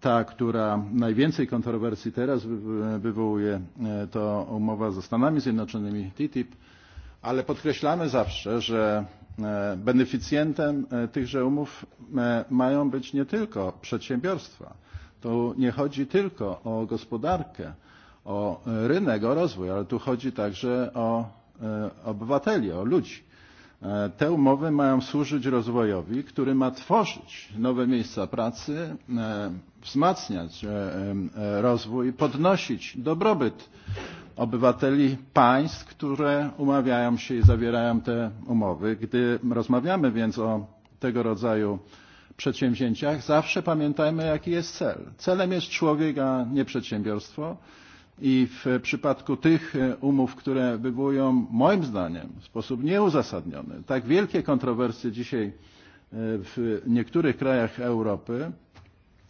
Ta, która najwięcej kontrowersji teraz wywołuje, to umowa ze Stanami Zjednoczonymi, TTIP, ale podkreślamy zawsze, że beneficjentem tychże umów mają być nie tylko przedsiębiorstwa. Tu nie chodzi tylko o gospodarkę o rynek, o rozwój, ale tu chodzi także o obywateli, o ludzi. Te umowy mają służyć rozwojowi, który ma tworzyć nowe miejsca pracy, wzmacniać rozwój, podnosić dobrobyt obywateli państw, które umawiają się i zawierają te umowy. Gdy rozmawiamy więc o tego rodzaju przedsięwzięciach, zawsze pamiętajmy, jaki jest cel. Celem jest człowiek, a nie przedsiębiorstwo. I w przypadku tych umów, które wywołują moim zdaniem w sposób nieuzasadniony tak wielkie kontrowersje dzisiaj w niektórych krajach Europy,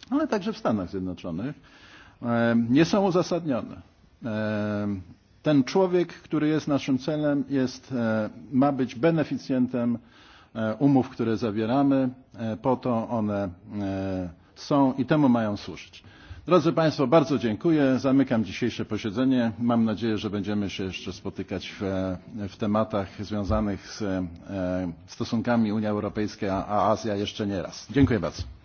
ale także w Stanach Zjednoczonych, nie są uzasadnione. Ten człowiek, który jest naszym celem, jest, ma być beneficjentem umów, które zawieramy, po to one są i temu mają służyć. Drodzy Państwo, bardzo dziękuję. Zamykam dzisiejsze posiedzenie. Mam nadzieję, że będziemy się jeszcze spotykać w tematach związanych z stosunkami Unia Europejska a Azja jeszcze nie raz. Dziękuję bardzo.